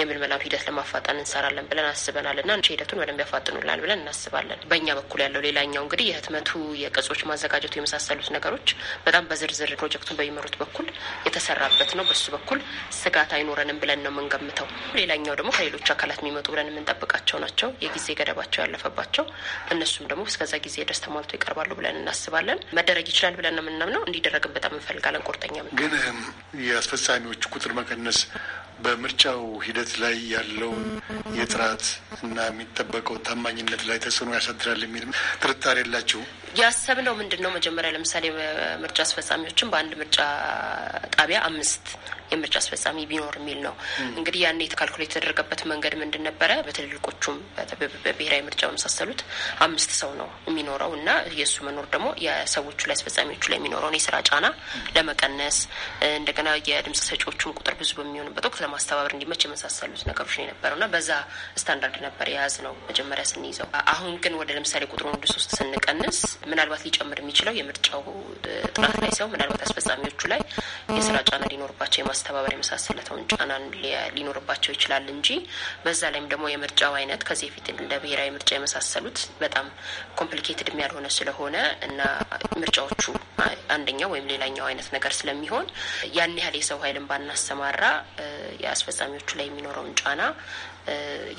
የምልመላም ሂደት ለማፋጠን እንሰራለን ብለን አስበናል እና ሂደቱን በደንብ ያፋጥኑላል ብለን እናስባለን። በእኛ በኩል ያለው ሌላኛው እንግዲህ የህትመቱ የቅጾች ማዘጋጀቱ የመሳሰሉት ነገሮች በጣም በዝርዝር ፕሮጀክቱን በሚመሩት በኩል የተሰራበት ነው። በሱ በኩል ስጋት አይኖረንም ብለን ነው የምንገምተው። ሌላኛው ደግሞ ከሌሎች አካላት የሚመጡ ብለን የምንጠብቃቸው ናቸው፣ የጊዜ ገደባቸው ያለፈባቸው። እነሱም ደግሞ እስከዛ ጊዜ ድረስ ተሟልቶ ይቀርባሉ ብለን እናስባለን። መደረግ ይችላል ብለን ነው የምናምነው። እንዲደረግም በጣም እንፈልጋለን። ቁርጠኛ ግን የአስፈጻሚዎች ቁጥር መቀነስ በምርጫው ሂደት ላይ ያለውን የጥራት እና የሚጠበቀው ታማኝነት ላይ ተጽዕኖ ያሳድራል የሚል ጥርጣሬ የላችሁ? ያሰብነው ምንድን ነው መጀመሪያ ለምሳሌ ምርጫ አስፈጻሚዎችን በአንድ ምርጫ ጣቢያ አምስት የምርጫ አስፈጻሚ ቢኖር የሚል ነው። እንግዲህ ያኔ ካልኩሌት የተደረገበት መንገድ ምንድን ነበረ? በትልልቆቹም በብሔራዊ ምርጫ በመሳሰሉት አምስት ሰው ነው የሚኖረው እና የእሱ መኖር ደግሞ የሰዎቹ ላይ አስፈጻሚዎቹ ላይ የሚኖረውን የስራ ጫና ለመቀነስ እንደገና የድምጽ ሰጪዎቹን ቁጥር ብዙ በሚሆንበት ወቅት ማስተባበር እንዲመች የመሳሰሉት ነገሮች ነው የነበረው እና በዛ ስታንዳርድ ነበር የያዝ ነው መጀመሪያ ስንይዘው። አሁን ግን ወደ ለምሳሌ ቁጥሩን ወደ ሶስት ስንቀንስ ምናልባት ሊጨምር የሚችለው የምርጫው ጥራት ላይ ሰው ምናልባት አስፈጻሚዎቹ ላይ የስራ ጫና ሊኖርባቸው የማስተባበር የመሳሰለተውን ጫና ሊኖርባቸው ይችላል እንጂ በዛ ላይም ደግሞ የምርጫው አይነት ከዚህ በፊት እንደ ብሔራዊ ምርጫ የመሳሰሉት በጣም ኮምፕሊኬትድ የሚያልሆነ ስለሆነ እና ምርጫዎቹ አንደኛው ወይም ሌላኛው አይነት ነገር ስለሚሆን ያን ያህል የሰው ኃይልን ባናሰማራ የአስፈጻሚዎቹ ላይ የሚኖረውን ጫና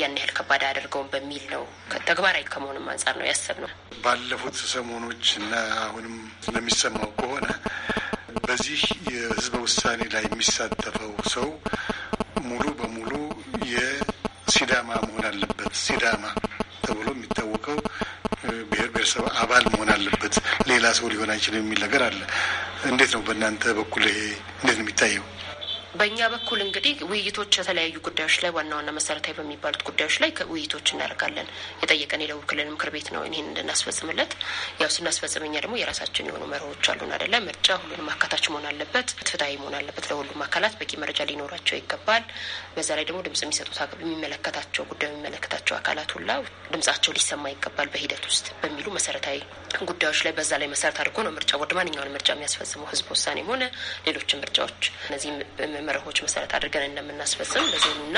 ያን ያህል ከባድ አያደርገውም በሚል ነው ተግባራዊ ከመሆንም አንጻር ነው ያሰብነው። ባለፉት ሰሞኖች እና አሁንም እንደሚሰማው ከሆነ በዚህ የህዝበ ውሳኔ ላይ የሚሳተፈው ሰው ሙሉ በሙሉ የሲዳማ መሆን አለበት። ሲዳማ ተብሎ የሚታወቀው ብሔር ብሔረሰብ አባል መሆን አለበት፣ ሌላ ሰው ሊሆን አይችልም የሚል ነገር አለ። እንዴት ነው በእናንተ በኩል ይሄ እንዴት ነው የሚታየው? በእኛ በኩል እንግዲህ ውይይቶች የተለያዩ ጉዳዮች ላይ ዋና ዋና መሰረታዊ በሚባሉት ጉዳዮች ላይ ውይይቶች እናደርጋለን። የጠየቀን የደቡብ ክልል ምክር ቤት ነው ይህን እንድናስፈጽምለት። ያው ስናስፈጽም ደግሞ የራሳችን የሆኑ መርሆች አሉን አደለ? ምርጫ ሁሉንም አካታች መሆን አለበት፣ ፍትሐዊ መሆን አለበት፣ ለሁሉም አካላት በቂ መረጃ ሊኖራቸው ይገባል። በዛ ላይ ደግሞ ድምጽ የሚሰጡት የሚመለከታቸው ጉዳዩ የሚመለከታቸው አካላት ሁላ ድምጻቸው ሊሰማ ይገባል በሂደት ውስጥ በሚሉ መሰረታዊ ጉዳዮች ላይ በዛ ላይ መሰረት አድርጎ ነው ምርጫ ቦርድ ማንኛውን ምርጫ የሚያስፈጽመው ህዝብ ውሳኔም ሆነ ሌሎች ምርጫዎች እነዚህ መርሆች መሰረት አድርገን እንደምናስፈጽም ለዞኑና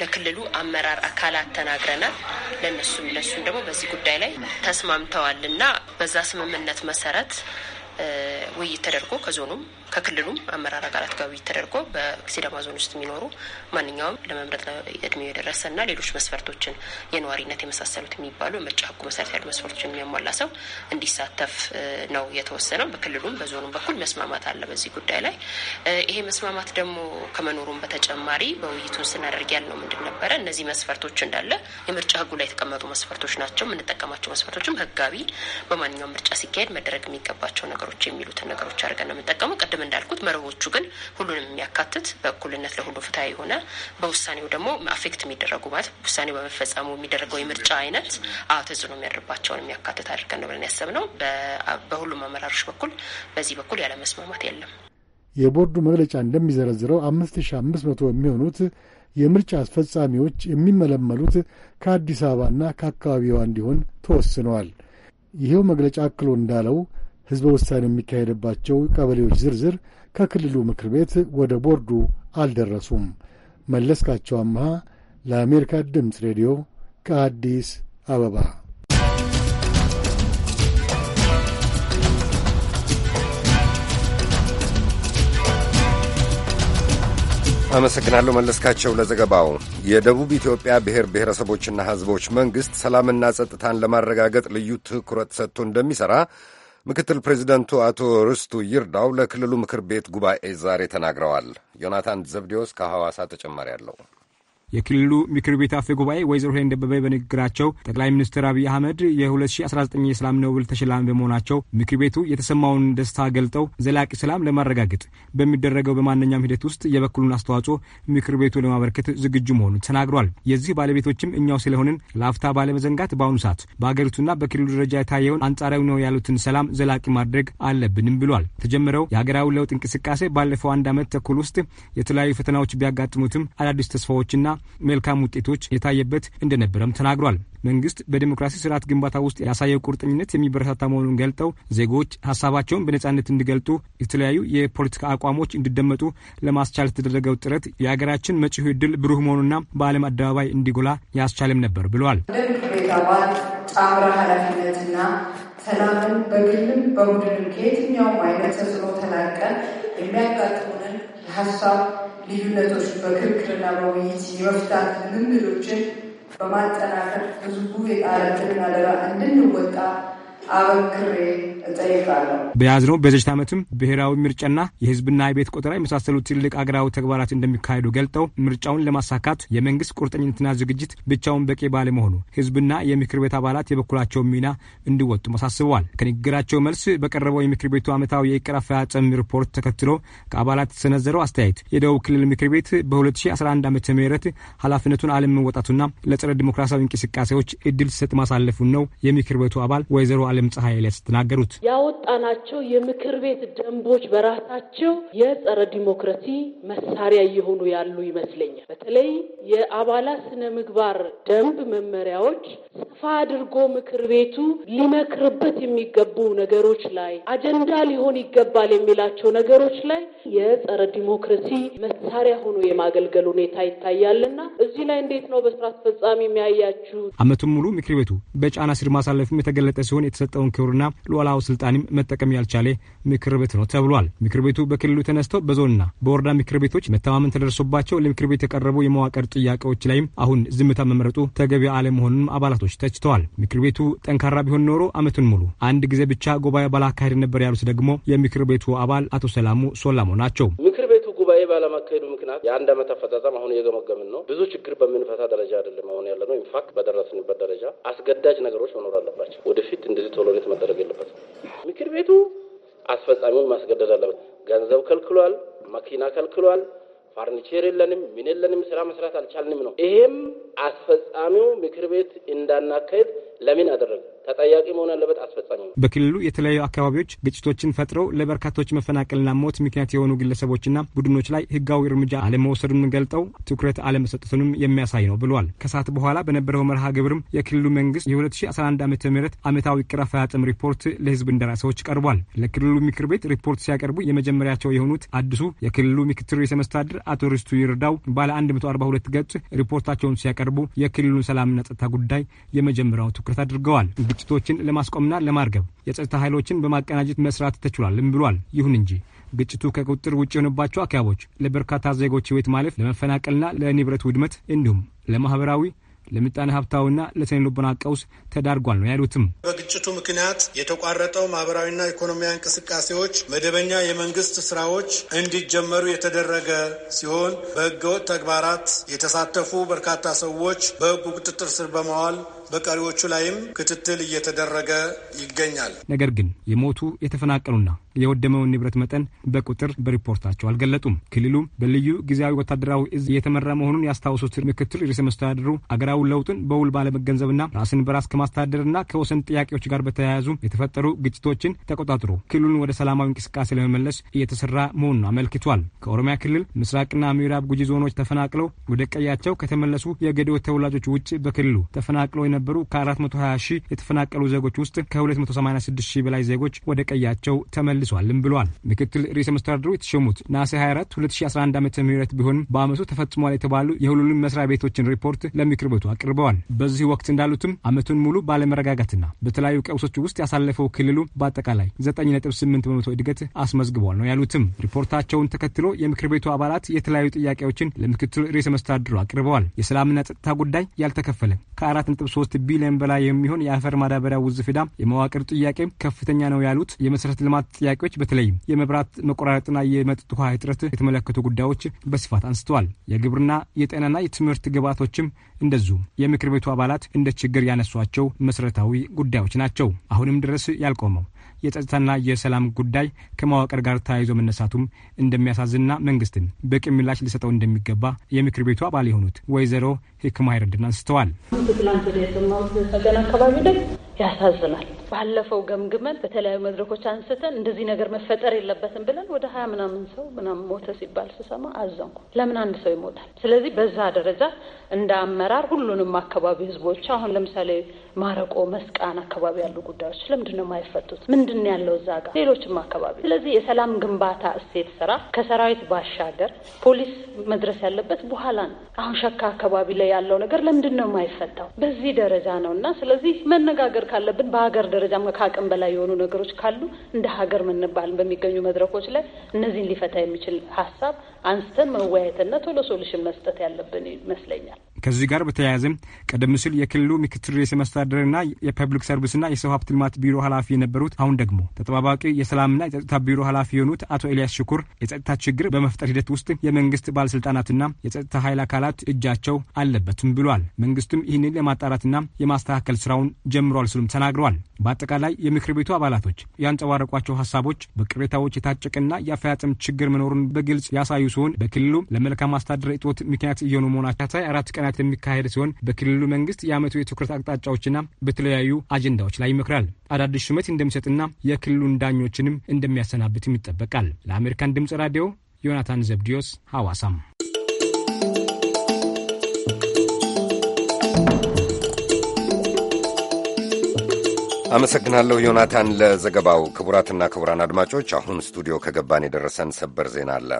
ለክልሉ አመራር አካላት ተናግረናል። ለነሱም ለሱም ደግሞ በዚህ ጉዳይ ላይ ተስማምተዋል እና በዛ ስምምነት መሰረት ውይይት ተደርጎ ከዞኑም ከክልሉም አመራር አካላት ጋር ውይይት ተደርጎ በሲዳማ ዞን ውስጥ የሚኖሩ ማንኛውም ለመምረጥ እድሜው የደረሰና ሌሎች መስፈርቶችን የነዋሪነት የመሳሰሉት የሚባሉ ምርጫ ህጉ መሰረት ያሉ መስፈርቶችን የሚያሟላ ሰው እንዲሳተፍ ነው የተወሰነው። በክልሉም በዞኑም በኩል መስማማት አለ በዚህ ጉዳይ ላይ። ይሄ መስማማት ደግሞ ከመኖሩም በተጨማሪ በውይይቱን ስናደርግ ያልነው ምንድን ነበረ? እነዚህ መስፈርቶች እንዳለ የምርጫ ህጉ ላይ የተቀመጡ መስፈርቶች ናቸው። የምንጠቀማቸው መስፈርቶችም ህጋቢ በማንኛውም ምርጫ ሲካሄድ መደረግ የሚገባቸው ነገሮች ነገሮች የሚሉትን ነገሮች አድርገን ነው የምንጠቀመው። ቅድም እንዳልኩት መርሆቹ ግን ሁሉንም የሚያካትት በእኩልነት ለሁሉ ፍትሀ የሆነ በውሳኔው ደግሞ አፌክት የሚደረጉ ማለት ውሳኔው በመፈጸሙ የሚደረገው የምርጫ አይነት ተጽዕኖ የሚያድርባቸውን የሚያካትት አድርገን ነው ብለን ያሰብነው። በሁሉም አመራሮች በኩል በዚህ በኩል ያለ መስማማት የለም። የቦርዱ መግለጫ እንደሚዘረዝረው አምስት ሺ አምስት መቶ የሚሆኑት የምርጫ አስፈጻሚዎች የሚመለመሉት ከአዲስ አበባና ከአካባቢዋ እንዲሆን ተወስነዋል። ይኸው መግለጫ አክሎ እንዳለው ሕዝበ ውሳኔ የሚካሄድባቸው ቀበሌዎች ዝርዝር ከክልሉ ምክር ቤት ወደ ቦርዱ አልደረሱም። መለስካቸው አምሃ ለአሜሪካ ድምፅ ሬዲዮ ከአዲስ አበባ አመሰግናለሁ መለስካቸው ለዘገባው። የደቡብ ኢትዮጵያ ብሔር ብሔረሰቦችና ሕዝቦች መንግሥት ሰላምና ጸጥታን ለማረጋገጥ ልዩ ትኩረት ሰጥቶ እንደሚሠራ ምክትል ፕሬዚደንቱ አቶ ርስቱ ይርዳው ለክልሉ ምክር ቤት ጉባኤ ዛሬ ተናግረዋል። ዮናታን ዘብዴዎስ ከሐዋሳ ተጨማሪ አለው። የክልሉ ምክር ቤት አፈ ጉባኤ ወይዘሮ ሄን ደበበ በንግግራቸው ጠቅላይ ሚኒስትር አብይ አህመድ የ2019 የሰላም ኖቤል ተሸላሚ በመሆናቸው ምክር ቤቱ የተሰማውን ደስታ ገልጠው ዘላቂ ሰላም ለማረጋገጥ በሚደረገው በማንኛውም ሂደት ውስጥ የበኩሉን አስተዋጽኦ ምክር ቤቱ ለማበረከት ዝግጁ መሆኑን ተናግሯል። የዚህ ባለቤቶችም እኛው ስለሆንን ለአፍታ ባለመዘንጋት በአሁኑ ሰዓት በአገሪቱና በክልሉ ደረጃ የታየውን አንጻራዊ ነው ያሉትን ሰላም ዘላቂ ማድረግ አለብንም ብሏል። ተጀመረው የሀገራዊ ለውጥ እንቅስቃሴ ባለፈው አንድ ዓመት ተኩል ውስጥ የተለያዩ ፈተናዎች ቢያጋጥሙትም አዳዲስ ተስፋዎችና መልካም ውጤቶች የታየበት እንደነበረም ተናግሯል። መንግስት በዲሞክራሲ ስርዓት ግንባታ ውስጥ ያሳየው ቁርጠኝነት የሚበረታታ መሆኑን ገልጠው ዜጎች ሀሳባቸውን በነጻነት እንዲገልጡ የተለያዩ የፖለቲካ አቋሞች እንዲደመጡ ለማስቻል የተደረገው ጥረት የሀገራችን መጪው ዕድል ብሩህ መሆኑና በዓለም አደባባይ እንዲጎላ ያስቻልም ነበር ብሏል። ምክር ኃላፊነትና ሰላምን በግልም በቡድንም ከየትኛውም አይነት ተጽዕኖ ተላቀን የሚያጋጥሙንን የሀሳብ ልዩነቶች በክርክርና በውይይት የመፍታት ልምምዶችን በማጠናከር ህዝቡ የጣለብንን አደራ እንድንወጣ አበክሬ እንጠይቃለን። በያዝነው በዘጅት ዓመትም ብሔራዊ ምርጫና የህዝብና የቤት ቆጠራ የመሳሰሉ ትልቅ አገራዊ ተግባራት እንደሚካሄዱ ገልጠው ምርጫውን ለማሳካት የመንግስት ቁርጠኝነትና ዝግጅት ብቻውን በቂ ባለመሆኑ ህዝብና የምክር ቤት አባላት የበኩላቸውን ሚና እንዲወጡ አሳስበዋል። ከንግግራቸው መልስ በቀረበው የምክር ቤቱ ዓመታዊ የዕቅድ አፈጻጸም ሪፖርት ተከትሎ ከአባላት የተሰነዘረው አስተያየት የደቡብ ክልል ምክር ቤት በ2011 ዓ ም ኃላፊነቱን አለመወጣቱና ለጸረ ዲሞክራሲያዊ እንቅስቃሴዎች እድል ሲሰጥ ማሳለፉን ነው የምክር ቤቱ አባል ወይዘሮ አለም ፀሐይ ላይ ያወጣናቸው የምክር ቤት ደንቦች በራሳቸው የጸረ ዲሞክራሲ መሳሪያ እየሆኑ ያሉ ይመስለኛል። በተለይ የአባላት ስነ ምግባር ደንብ መመሪያዎች ሰፋ አድርጎ ምክር ቤቱ ሊመክርበት የሚገቡ ነገሮች ላይ አጀንዳ ሊሆን ይገባል የሚላቸው ነገሮች ላይ የጸረ ዲሞክራሲ መሳሪያ ሆኖ የማገልገል ሁኔታ ይታያልና እዚህ ላይ እንዴት ነው በስራ አስፈጻሚ የሚያያችሁ? አመቱን ሙሉ ምክር ቤቱ በጫና ስር ማሳለፍም የተገለጠ ሲሆን የተሰጠውን ክብርና ሉዓላዊ ስልጣንም መጠቀም ያልቻለ ምክር ቤት ነው ተብሏል። ምክር ቤቱ በክልሉ ተነስተው በዞንና በወረዳ ምክር ቤቶች መተማመን ተደርሶባቸው ለምክር ቤት የቀረቡ የመዋቅር ጥያቄዎች ላይም አሁን ዝምታ መመረጡ ተገቢ አለመሆኑንም አባላቶች ተችተዋል። ምክር ቤቱ ጠንካራ ቢሆን ኖሮ ዓመቱን ሙሉ አንድ ጊዜ ብቻ ጉባኤ ባላካሄድ ነበር ያሉት ደግሞ የምክር ቤቱ አባል አቶ ሰላሙ ሶላሞ ናቸው። ባለማካሄዱ ምክንያት የአንድ ዓመት አፈጻጸም አሁን እየገመገምን ነው። ብዙ ችግር በምንፈታ ደረጃ አይደለም አሁን ያለ ነው። ኢንፋክት በደረስንበት ደረጃ አስገዳጅ ነገሮች መኖር አለባቸው። ወደፊት እንደዚህ ቶሎኔት መደረግ የለበት። ምክር ቤቱ አስፈጻሚውን ማስገደድ አለበት። ገንዘብ ከልክሏል፣ መኪና ከልክሏል፣ ፋርኒቸር የለንም፣ ምን የለንም፣ ስራ መስራት አልቻልንም ነው። ይሄም አስፈጻሚው ምክር ቤት እንዳናካሄድ ለምን አደረገ? ተጠያቂ መሆን ያለበት አስፈጻሚ ነው። በክልሉ የተለያዩ አካባቢዎች ግጭቶችን ፈጥረው ለበርካቶች መፈናቀልና ሞት ምክንያት የሆኑ ግለሰቦችና ቡድኖች ላይ ህጋዊ እርምጃ አለመውሰዱን ገልጠው ትኩረት አለመሰጠቱንም የሚያሳይ ነው ብሏል። ከሰዓት በኋላ በነበረው መርሃ ግብርም የክልሉ መንግስት የ2011 ዓ ም ዓመታዊ ዕቅድ አፈጻጸም ሪፖርት ለህዝብ እንደራሴዎች ቀርቧል። ለክልሉ ምክር ቤት ሪፖርት ሲያቀርቡ የመጀመሪያቸው የሆኑት አዲሱ የክልሉ ምክትል ርዕሰ መስተዳድር አቶ ርስቱ ይርዳው ባለ 142 ገጽ ሪፖርታቸውን ሲያቀርቡ የክልሉን ሰላምና ጸጥታ ጉዳይ የመጀመሪያው ትኩረት አድርገዋል። ግጭቶችን ለማስቆምና ለማርገብ የጸጥታ ኃይሎችን በማቀናጀት መስራት ተችሏልም ብሏል። ይሁን እንጂ ግጭቱ ከቁጥጥር ውጭ የሆነባቸው አካባቢዎች ለበርካታ ዜጎች ህይወት ማለፍ፣ ለመፈናቀልና ለንብረት ውድመት እንዲሁም ለማህበራዊ ለምጣኔ ሀብታዊና ለስነ ልቦና ቀውስ ተዳርጓል ነው ያሉትም። በግጭቱ ምክንያት የተቋረጠው ማህበራዊና ኢኮኖሚያዊ እንቅስቃሴዎች፣ መደበኛ የመንግስት ስራዎች እንዲጀመሩ የተደረገ ሲሆን በህገወጥ ተግባራት የተሳተፉ በርካታ ሰዎች በህጉ ቁጥጥር ስር በመዋል በቀሪዎቹ ላይም ክትትል እየተደረገ ይገኛል። ነገር ግን የሞቱ የተፈናቀሉና የወደመውን ንብረት መጠን በቁጥር በሪፖርታቸው አልገለጡም። ክልሉ በልዩ ጊዜያዊ ወታደራዊ እዝ እየተመራ መሆኑን ያስታወሱት ምክትል ርዕሰ መስተዳድሩ አገራዊ ለውጡን በውል ባለመገንዘብና ራስን በራስ ከማስተዳደርና ከወሰን ጥያቄዎች ጋር በተያያዙ የተፈጠሩ ግጭቶችን ተቆጣጥሮ ክልሉን ወደ ሰላማዊ እንቅስቃሴ ለመመለስ እየተሰራ መሆኑን አመልክቷል። ከኦሮሚያ ክልል ምስራቅና ምዕራብ ጉጂ ዞኖች ተፈናቅለው ወደ ቀያቸው ከተመለሱ የገዲዮ ተወላጆች ውጭ በክልሉ ተፈናቅለው የነበሩ ከ420 ሺህ የተፈናቀሉ ዜጎች ውስጥ ከ286 ሺህ በላይ ዜጎች ወደ ቀያቸው ተመልሷልም ብሏል። ምክትል ርዕሰ መስተዳድሩ የተሾሙት ነሐሴ 24 2011 ዓ ም ቢሆንም በአመቱ ተፈጽሟል የተባሉ የሁሉንም መስሪያ ቤቶችን ሪፖርት ለምክር ቤቱ አቅርበዋል። በዚህ ወቅት እንዳሉትም አመቱን ሙሉ ባለመረጋጋትና በተለያዩ ቀውሶች ውስጥ ያሳለፈው ክልሉ በአጠቃላይ 9.8 በመቶ እድገት አስመዝግቧል ነው ያሉትም። ሪፖርታቸውን ተከትሎ የምክር ቤቱ አባላት የተለያዩ ጥያቄዎችን ለምክትል ርዕሰ መስተዳድሩ አቅርበዋል። የሰላምና ጸጥታ ጉዳይ ያልተከፈለ ከ4.3 ሶስት ቢሊዮን በላይ የሚሆን የአፈር ማዳበሪያ ውዝ ፍዳ የመዋቅር ጥያቄ ከፍተኛ ነው ያሉት የመሰረተ ልማት ጥያቄዎች በተለይም የመብራት መቆራረጥና የመጠጥ ውሃ እጥረት የተመለከቱ ጉዳዮች በስፋት አንስተዋል። የግብርና የጤናና የትምህርት ግብዓቶችም እንደዚሁ የምክር ቤቱ አባላት እንደ ችግር ያነሷቸው መሰረታዊ ጉዳዮች ናቸው። አሁንም ድረስ ያልቆመው የጸጥታና የሰላም ጉዳይ ከማዋቀር ጋር ተያይዞ መነሳቱም እንደሚያሳዝንና መንግስትም በቂ ምላሽ ሊሰጠው እንደሚገባ የምክር ቤቱ አባል የሆኑት ወይዘሮ ህክማ ይረድን አንስተዋል። ትላንት ወደ የሰማሁት አካባቢ ላይ ያሳዝናል። ባለፈው ገምግመን በተለያዩ መድረኮች አንስተን እንደዚህ ነገር መፈጠር የለበትም ብለን ወደ ሀያ ምናምን ሰው ምናምን ሞተ ሲባል ስሰማ አዘንኩ። ለምን አንድ ሰው ይሞታል? ስለዚህ በዛ ደረጃ እንደ አመራር ሁሉንም አካባቢ ህዝቦች አሁን ለምሳሌ ማረቆ፣ መስቃን አካባቢ ያሉ ጉዳዮች ለምንድን ነው የማይፈቱት? ምንድን ያለው እዛ ጋር ሌሎችም አካባቢ። ስለዚህ የሰላም ግንባታ እሴት ስራ ከሰራዊት ባሻገር ፖሊስ መድረስ ያለበት በኋላ ነው። አሁን ሸካ አካባቢ ላይ ያለው ነገር ለምንድን ነው የማይፈታው? በዚህ ደረጃ ነው እና ስለዚህ መነጋገር ካለብን በሀገር ደረ ደረጃም ከአቅም በላይ የሆኑ ነገሮች ካሉ እንደ ሀገር ምንባል በሚገኙ መድረኮች ላይ እነዚህን ሊፈታ የሚችል ሀሳብ አንስተን መወያየትና ቶሎ ሶሉሽን መስጠት ያለብን ይመስለኛል። ከዚህ ጋር በተያያዘ ቀደም ሲል የክልሉ ምክትል ርዕሰ መስተዳድርና የፐብሊክ ሰርቪስና የሰው ሀብት ልማት ቢሮ ኃላፊ የነበሩት አሁን ደግሞ ተጠባባቂ የሰላምና የጸጥታ ቢሮ ኃላፊ የሆኑት አቶ ኤልያስ ሽኩር የጸጥታ ችግር በመፍጠር ሂደት ውስጥ የመንግስት ባለስልጣናትና የጸጥታ ኃይል አካላት እጃቸው አለበትም ብሏል። መንግስትም ይህንን ለማጣራትና የማስተካከል ስራውን ጀምሯል ስሉም ተናግረዋል። በአጠቃላይ የምክር ቤቱ አባላቶች ያንጸባረቋቸው ሀሳቦች በቅሬታዎች የታጨቀና የአፈጻጸም ችግር መኖሩን በግልጽ ያሳዩ ሲሆን በክልሉ ለመልካም አስተዳደር እጦት ምክንያት እየሆኑ መሆናቸው አራት ቀናት የሚካሄድ ሲሆን በክልሉ መንግስት የዓመቱ የትኩረት አቅጣጫዎችና በተለያዩ አጀንዳዎች ላይ ይመክራል። አዳዲስ ሹመት እንደሚሰጥና የክልሉን ዳኞችንም እንደሚያሰናብትም ይጠበቃል። ለአሜሪካን ድምጽ ራዲዮ ዮናታን ዘብዲዮስ ሐዋሳም አመሰግናለሁ ዮናታን ለዘገባው። ክቡራትና ክቡራን አድማጮች አሁን ስቱዲዮ ከገባን የደረሰን ሰበር ዜና አለ።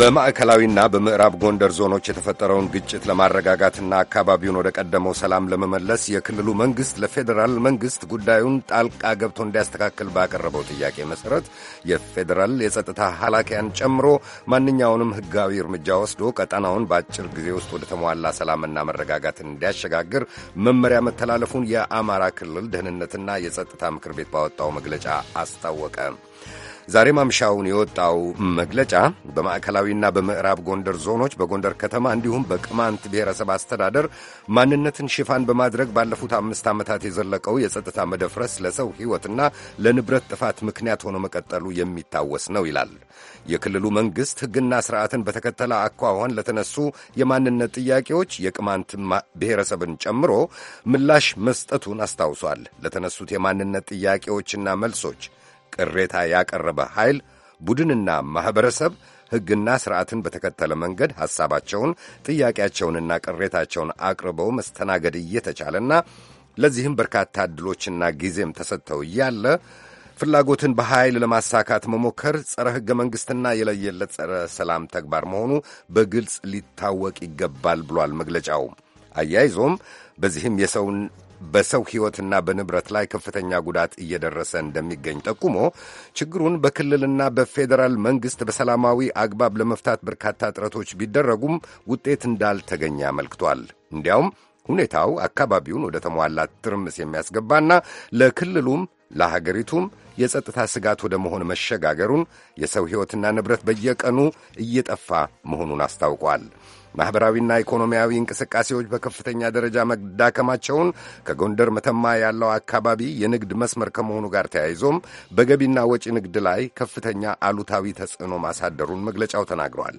በማዕከላዊና በምዕራብ ጎንደር ዞኖች የተፈጠረውን ግጭት ለማረጋጋትና አካባቢውን ወደ ቀደመው ሰላም ለመመለስ የክልሉ መንግሥት ለፌዴራል መንግሥት ጉዳዩን ጣልቃ ገብቶ እንዲያስተካክል ባቀረበው ጥያቄ መሠረት የፌዴራል የጸጥታ ኃላፊያን ጨምሮ ማንኛውንም ሕጋዊ እርምጃ ወስዶ ቀጠናውን በአጭር ጊዜ ውስጥ ወደ ተሟላ ሰላምና መረጋጋት እንዲያሸጋግር መመሪያ መተላለፉን የአማራ ክልል ደህንነትና የጸጥታ ምክር ቤት ባወጣው መግለጫ አስታወቀ። ዛሬ ማምሻውን የወጣው መግለጫ በማዕከላዊና በምዕራብ ጎንደር ዞኖች በጎንደር ከተማ እንዲሁም በቅማንት ብሔረሰብ አስተዳደር ማንነትን ሽፋን በማድረግ ባለፉት አምስት ዓመታት የዘለቀው የጸጥታ መደፍረስ ለሰው ሕይወትና ለንብረት ጥፋት ምክንያት ሆኖ መቀጠሉ የሚታወስ ነው ይላል። የክልሉ መንግሥት ሕግና ሥርዓትን በተከተለ አኳኋን ለተነሱ የማንነት ጥያቄዎች የቅማንት ብሔረሰብን ጨምሮ ምላሽ መስጠቱን አስታውሷል። ለተነሱት የማንነት ጥያቄዎችና መልሶች ቅሬታ ያቀረበ ኃይል ቡድንና ማኅበረሰብ ሕግና ሥርዓትን በተከተለ መንገድ ሐሳባቸውን፣ ጥያቄያቸውንና ቅሬታቸውን አቅርበው መስተናገድ እየተቻለና ለዚህም በርካታ ዕድሎችና ጊዜም ተሰጥተው እያለ ፍላጎትን በኃይል ለማሳካት መሞከር ጸረ ሕገ መንግሥትና የለየለት ጸረ ሰላም ተግባር መሆኑ በግልጽ ሊታወቅ ይገባል ብሏል መግለጫው። አያይዞም በዚህም የሰውን በሰው ሕይወትና በንብረት ላይ ከፍተኛ ጉዳት እየደረሰ እንደሚገኝ ጠቁሞ ችግሩን በክልልና በፌዴራል መንግሥት በሰላማዊ አግባብ ለመፍታት በርካታ ጥረቶች ቢደረጉም ውጤት እንዳልተገኘ አመልክቷል። እንዲያውም ሁኔታው አካባቢውን ወደ ተሟላ ትርምስ የሚያስገባና ለክልሉም ለሀገሪቱም የጸጥታ ስጋት ወደ መሆን መሸጋገሩን የሰው ሕይወትና ንብረት በየቀኑ እየጠፋ መሆኑን አስታውቋል። ማኅበራዊና ኢኮኖሚያዊ እንቅስቃሴዎች በከፍተኛ ደረጃ መዳከማቸውን ከጎንደር መተማ ያለው አካባቢ የንግድ መስመር ከመሆኑ ጋር ተያይዞም በገቢና ወጪ ንግድ ላይ ከፍተኛ አሉታዊ ተጽዕኖ ማሳደሩን መግለጫው ተናግሯል።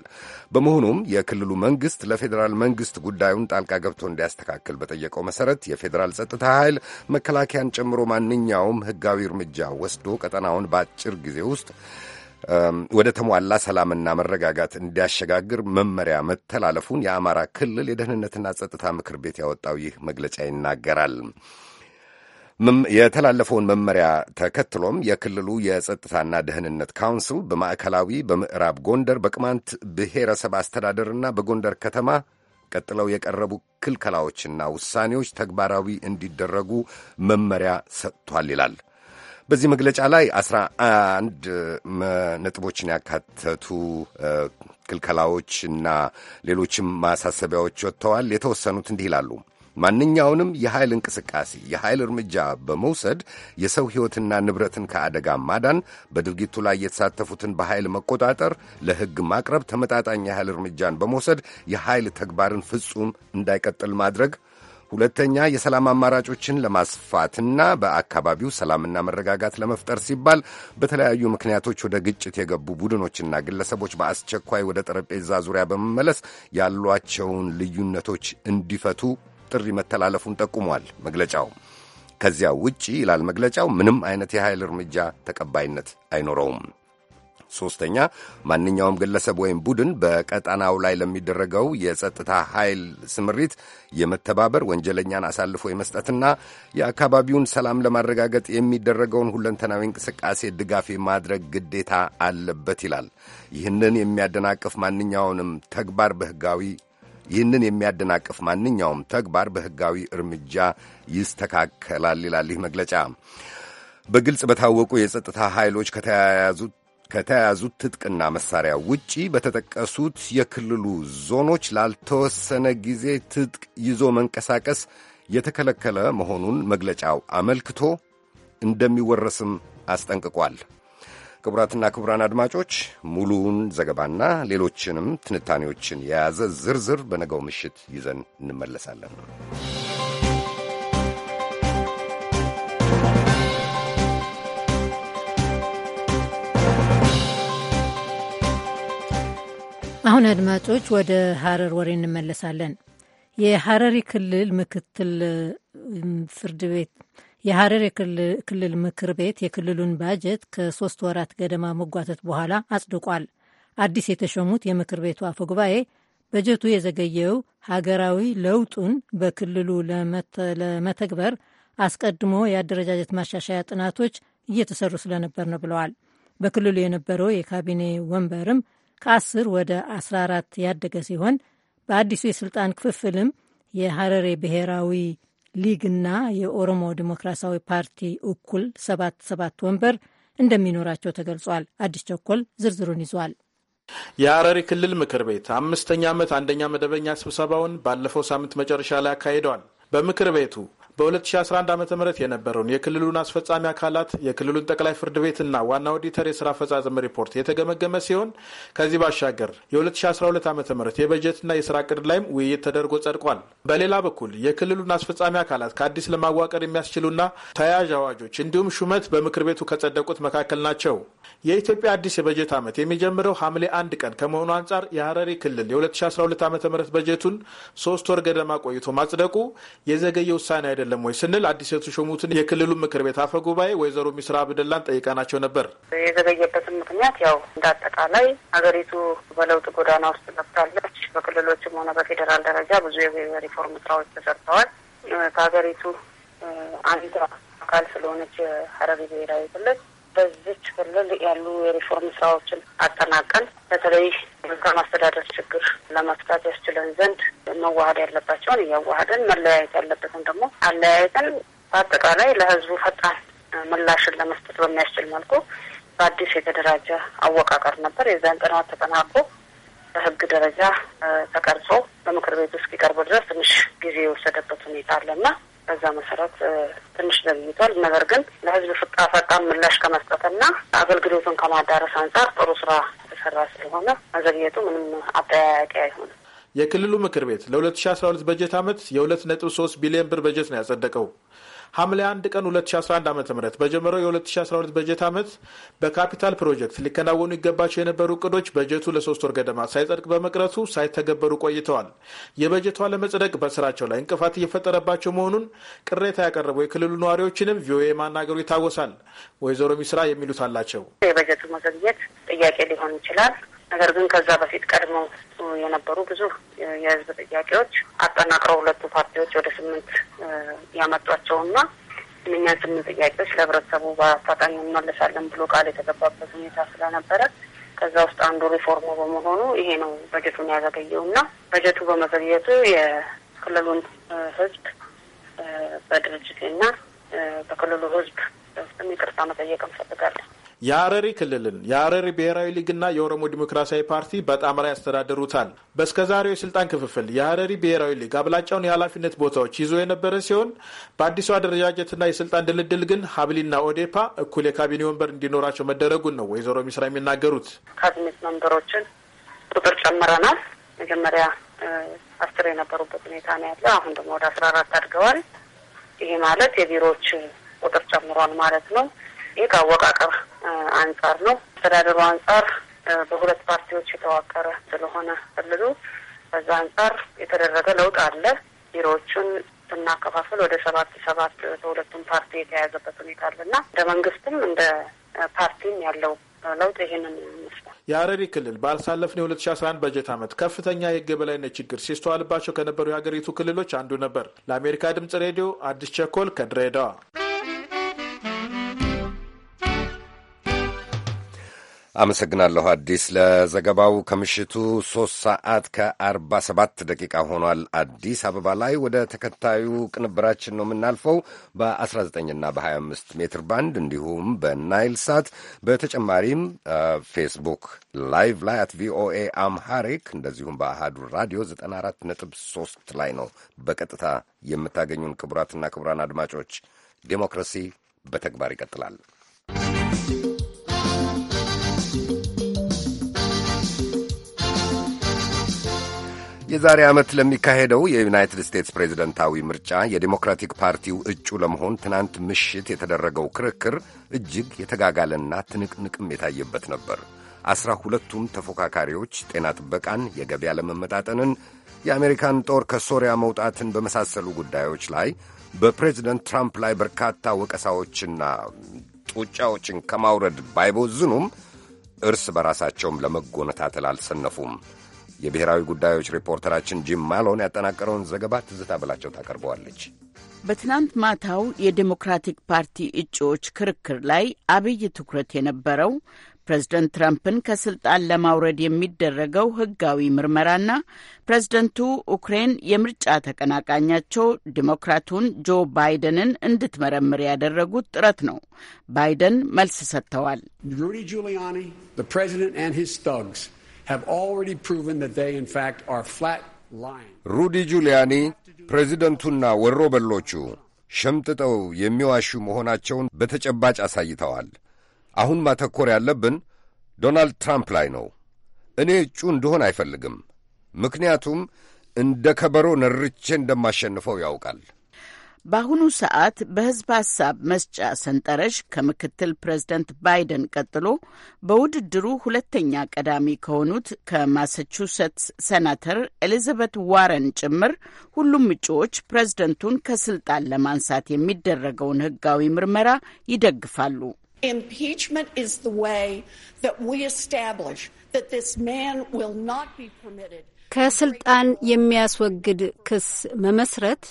በመሆኑም የክልሉ መንግሥት ለፌዴራል መንግሥት ጉዳዩን ጣልቃ ገብቶ እንዲያስተካክል በጠየቀው መሠረት የፌዴራል ጸጥታ ኃይል መከላከያን ጨምሮ ማንኛውም ሕጋዊ እርምጃ ወስዶ ቀጠናውን በአጭር ጊዜ ውስጥ ወደ ተሟላ ሰላምና መረጋጋት እንዲያሸጋግር መመሪያ መተላለፉን የአማራ ክልል የደህንነትና ጸጥታ ምክር ቤት ያወጣው ይህ መግለጫ ይናገራል። የተላለፈውን መመሪያ ተከትሎም የክልሉ የጸጥታና ደህንነት ካውንስል በማዕከላዊ በምዕራብ ጎንደር በቅማንት ብሔረሰብ አስተዳደርና በጎንደር ከተማ ቀጥለው የቀረቡ ክልከላዎችና ውሳኔዎች ተግባራዊ እንዲደረጉ መመሪያ ሰጥቷል ይላል። በዚህ መግለጫ ላይ አስራ አንድ ነጥቦችን ያካተቱ ክልከላዎች እና ሌሎችም ማሳሰቢያዎች ወጥተዋል። የተወሰኑት እንዲህ ይላሉ። ማንኛውንም የኃይል እንቅስቃሴ፣ የኃይል እርምጃ በመውሰድ የሰው ሕይወትና ንብረትን ከአደጋ ማዳን፣ በድርጊቱ ላይ የተሳተፉትን በኃይል መቆጣጠር፣ ለሕግ ማቅረብ፣ ተመጣጣኝ የኃይል እርምጃን በመውሰድ የኃይል ተግባርን ፍጹም እንዳይቀጥል ማድረግ ሁለተኛ የሰላም አማራጮችን ለማስፋትና በአካባቢው ሰላምና መረጋጋት ለመፍጠር ሲባል በተለያዩ ምክንያቶች ወደ ግጭት የገቡ ቡድኖችና ግለሰቦች በአስቸኳይ ወደ ጠረጴዛ ዙሪያ በመመለስ ያሏቸውን ልዩነቶች እንዲፈቱ ጥሪ መተላለፉን ጠቁሟል መግለጫው። ከዚያ ውጪ ይላል መግለጫው፣ ምንም አይነት የኃይል እርምጃ ተቀባይነት አይኖረውም። ሶስተኛ ማንኛውም ግለሰብ ወይም ቡድን በቀጠናው ላይ ለሚደረገው የጸጥታ ኃይል ስምሪት የመተባበር ወንጀለኛን አሳልፎ የመስጠትና የአካባቢውን ሰላም ለማረጋገጥ የሚደረገውን ሁለንተናዊ እንቅስቃሴ ድጋፍ የማድረግ ግዴታ አለበት ይላል። ይህንን የሚያደናቅፍ ማንኛውንም ተግባር በህጋዊ ይህንን የሚያደናቅፍ ማንኛውም ተግባር በህጋዊ እርምጃ ይስተካከላል ይላል ይህ መግለጫ። በግልጽ በታወቁ የጸጥታ ኃይሎች ከተያያዙት ከተያዙት ትጥቅና መሳሪያ ውጪ በተጠቀሱት የክልሉ ዞኖች ላልተወሰነ ጊዜ ትጥቅ ይዞ መንቀሳቀስ የተከለከለ መሆኑን መግለጫው አመልክቶ እንደሚወረስም አስጠንቅቋል። ክቡራትና ክቡራን አድማጮች ሙሉውን ዘገባና ሌሎችንም ትንታኔዎችን የያዘ ዝርዝር በነገው ምሽት ይዘን እንመለሳለን። አሁን አድማጮች ወደ ሀረር ወሬ እንመለሳለን። የሀረሪ ክልል ምክትል ፍርድ ቤት የሀረር ክልል ምክር ቤት የክልሉን ባጀት ከሶስት ወራት ገደማ መጓተት በኋላ አጽድቋል። አዲስ የተሾሙት የምክር ቤቱ አፈ ጉባኤ በጀቱ የዘገየው ሀገራዊ ለውጡን በክልሉ ለመተግበር አስቀድሞ የአደረጃጀት ማሻሻያ ጥናቶች እየተሰሩ ስለነበር ነው ብለዋል። በክልሉ የነበረው የካቢኔ ወንበርም ከ10 ወደ 14 ያደገ ሲሆን በአዲሱ የስልጣን ክፍፍልም የሐረሬ ብሔራዊ ሊግና የኦሮሞ ዴሞክራሲያዊ ፓርቲ እኩል ሰባት ሰባት ወንበር እንደሚኖራቸው ተገልጿል። አዲስ ቸኮል ዝርዝሩን ይዟል። የሀረሪ ክልል ምክር ቤት አምስተኛ ዓመት አንደኛ መደበኛ ስብሰባውን ባለፈው ሳምንት መጨረሻ ላይ አካሂደዋል። በምክር ቤቱ በ2011 ዓ ም የነበረውን የክልሉን አስፈጻሚ አካላት የክልሉን ጠቅላይ ፍርድ ቤትና ዋና ኦዲተር የስራ አፈጻጸም ሪፖርት የተገመገመ ሲሆን ከዚህ ባሻገር የ2012 ዓ ም የበጀትና የስራ እቅድ ላይም ውይይት ተደርጎ ጸድቋል። በሌላ በኩል የክልሉን አስፈጻሚ አካላት ከአዲስ ለማዋቀር የሚያስችሉና ተያያዥ አዋጆች እንዲሁም ሹመት በምክር ቤቱ ከጸደቁት መካከል ናቸው። የኢትዮጵያ አዲስ የበጀት ዓመት የሚጀምረው ሐምሌ አንድ ቀን ከመሆኑ አንጻር የሐረሪ ክልል የ2012 ዓ ም በጀቱን ሶስት ወር ገደማ ቆይቶ ማጽደቁ የዘገየ ውሳኔ አይደለም አይደለም ወይ ስንል አዲስ የተሾሙትን የክልሉ ምክር ቤት አፈ ጉባኤ ወይዘሮ ሚስራ አብደላን ጠይቀናቸው ነበር። የዘገየበትን ምክንያት ያው እንደ አጠቃላይ ሀገሪቱ በለውጥ ጎዳና ውስጥ ገብታለች። በክልሎችም ሆነ በፌዴራል ደረጃ ብዙ የሪፎርም ስራዎች ተሰርተዋል። ከሀገሪቱ አንዷ አካል ስለሆነች ሀረሪ ብሔራዊ ክልል በዚች ክልል ያሉ የሪፎርም ስራዎችን አጠናቀን በተለይ መልካም አስተዳደር ችግር ለመፍታት ያስችለን ዘንድ መዋሀድ ያለባቸውን እያዋሀድን መለያየት ያለበትን ደግሞ አለያየትን በአጠቃላይ ለህዝቡ ፈጣን ምላሽን ለመስጠት በሚያስችል መልኩ በአዲስ የተደራጀ አወቃቀር ነበር። የዛን ጥናት ተጠናቆ በህግ ደረጃ ተቀርጾ በምክር ቤት እስኪቀርብ ድረስ ትንሽ ጊዜ የወሰደበት ሁኔታ አለና በዛ መሰረት ትንሽ ዘግይቷል። ነገር ግን ለህዝብ ፍቃ ፈጣን ምላሽ ከመስጠትና አገልግሎቱን ከማዳረስ አንጻር ጥሩ ስራ የተሰራ ስለሆነ መዘግየቱ ምንም አጠያያቂ አይሆንም። የክልሉ ምክር ቤት ለ2012 በጀት ዓመት የ2.3 ቢሊዮን ብር በጀት ነው ያጸደቀው። ሐምሌ 1 ቀን 2011 ዓ ም በጀመረው የ2012 በጀት ዓመት በካፒታል ፕሮጀክት ሊከናወኑ ይገባቸው የነበሩ እቅዶች በጀቱ ለሶስት ወር ገደማ ሳይጸድቅ በመቅረቱ ሳይተገበሩ ቆይተዋል። የበጀቱ አለመጽደቅ በስራቸው ላይ እንቅፋት እየፈጠረባቸው መሆኑን ቅሬታ ያቀረቡ የክልሉ ነዋሪዎችንም ቪኦኤ ማናገሩ ይታወሳል። ወይዘሮ ሚስራ የሚሉት አላቸው። የበጀቱ መዘግየት ጥያቄ ሊሆን ይችላል። ነገር ግን ከዛ በፊት ቀድሞ የነበሩ ብዙ የህዝብ ጥያቄዎች አጠናቅረው ሁለቱ ፓርቲዎች ወደ ስምንት ያመጧቸውና እነኛን ስምንት ጥያቄዎች ለህብረተሰቡ በአፋጣኝ እንመለሳለን ብሎ ቃል የተገባበት ሁኔታ ስለነበረ ከዛ ውስጥ አንዱ ሪፎርሙ በመሆኑ ይሄ ነው በጀቱን ያዘገየውና በጀቱ በመዘግየቱ የክልሉን ህዝብ በድርጅትና በክልሉ ህዝብ ይቅርታ መጠየቅ እንፈልጋለን። የሀረሪ ክልልን የሀረሪ ብሔራዊ ሊግና የኦሮሞ ዲሞክራሲያዊ ፓርቲ በጣምራ ያስተዳድሩታል። በእስከዛሬው የስልጣን ክፍፍል የሀረሪ ብሔራዊ ሊግ አብላጫውን የኃላፊነት ቦታዎች ይዞ የነበረ ሲሆን በአዲሱ አደረጃጀትና የስልጣን ድልድል ግን ሀብሊና ኦዴፓ እኩል የካቢኔ ወንበር እንዲኖራቸው መደረጉን ነው ወይዘሮ ሚስራ የሚናገሩት። ካቢኔት መንበሮችን ቁጥር ጨምረናል። መጀመሪያ አስር የነበሩበት ሁኔታ ነው ያለው። አሁን ደግሞ ወደ አስራ አራት አድገዋል። ይሄ ማለት የቢሮዎች ቁጥር ጨምሯል ማለት ነው። ይህ ከአወቃቀር አንጻር ነው። አስተዳደሩ አንጻር በሁለት ፓርቲዎች የተዋቀረ ስለሆነ ክልሉ በዛ አንጻር የተደረገ ለውጥ አለ። ቢሮዎቹን ስናከፋፍል ወደ ሰባት ሰባት በሁለቱም ፓርቲ የተያያዘበት ሁኔታ አለና እንደ መንግስትም እንደ ፓርቲም ያለው ለውጥ ይህንን ይመስላል። የሀረሪ ክልል ባሳለፍነው የ2011 በጀት ዓመት ከፍተኛ የህግ የበላይነት ችግር ሲስተዋልባቸው ከነበሩ የሀገሪቱ ክልሎች አንዱ ነበር። ለአሜሪካ ድምጽ ሬዲዮ አዲስ ቸኮል ከድሬዳዋ አመሰግናለሁ አዲስ ለዘገባው። ከምሽቱ ሶስት ሰዓት ከአርባ ሰባት ደቂቃ ሆኗል አዲስ አበባ ላይ። ወደ ተከታዩ ቅንብራችን ነው የምናልፈው። በ19ና በ25 ሜትር ባንድ እንዲሁም በናይል ሳት በተጨማሪም ፌስቡክ ላይቭ ላይ አት ቪኦኤ አምሃሪክ እንደዚሁም በአሃዱ ራዲዮ 94.3 ላይ ነው በቀጥታ የምታገኙን። ክቡራትና ክቡራን አድማጮች ዴሞክራሲ በተግባር ይቀጥላል። የዛሬ ዓመት ለሚካሄደው የዩናይትድ ስቴትስ ፕሬዝደንታዊ ምርጫ የዴሞክራቲክ ፓርቲው እጩ ለመሆን ትናንት ምሽት የተደረገው ክርክር እጅግ የተጋጋለና ትንቅንቅም የታየበት ነበር። አስራ ሁለቱም ተፎካካሪዎች ጤና ጥበቃን፣ የገበያ ለመመጣጠንን የአሜሪካን ጦር ከሶሪያ መውጣትን በመሳሰሉ ጉዳዮች ላይ በፕሬዝደንት ትራምፕ ላይ በርካታ ወቀሳዎችና ጡጫዎችን ከማውረድ ባይቦዝኑም እርስ በራሳቸውም ለመጎነታተል አልሰነፉም። የብሔራዊ ጉዳዮች ሪፖርተራችን ጂም ማሎን ያጠናቀረውን ዘገባ ትዝታ ብላቸው ታቀርበዋለች። በትናንት ማታው የዴሞክራቲክ ፓርቲ እጩዎች ክርክር ላይ አብይ ትኩረት የነበረው ፕሬዝደንት ትራምፕን ከስልጣን ለማውረድ የሚደረገው ህጋዊ ምርመራና ፕሬዝደንቱ ዩክሬን የምርጫ ተቀናቃኛቸው ዲሞክራቱን ጆ ባይደንን እንድትመረምር ያደረጉት ጥረት ነው። ባይደን መልስ ሰጥተዋል። ሩዲ have already proven ሩዲ ጁሊያኒ ፕሬዚደንቱና ወሮ በሎቹ ሸምጥጠው የሚዋሹ መሆናቸውን በተጨባጭ አሳይተዋል። አሁን ማተኮር ያለብን ዶናልድ ትራምፕ ላይ ነው። እኔ እጩ እንደሆን አይፈልግም፣ ምክንያቱም እንደ ከበሮ ነርቼ እንደማሸንፈው ያውቃል። በአሁኑ ሰዓት በህዝብ ሀሳብ መስጫ ሰንጠረዥ ከምክትል ፕሬዝደንት ባይደን ቀጥሎ በውድድሩ ሁለተኛ ቀዳሚ ከሆኑት ከማሳቹሴትስ ሰናተር ኤሊዛቤት ዋረን ጭምር ሁሉም እጩዎች ፕሬዝደንቱን ከስልጣን ለማንሳት የሚደረገውን ህጋዊ ምርመራ ይደግፋሉ። ከስልጣን የሚያስወግድ ክስ መመስረት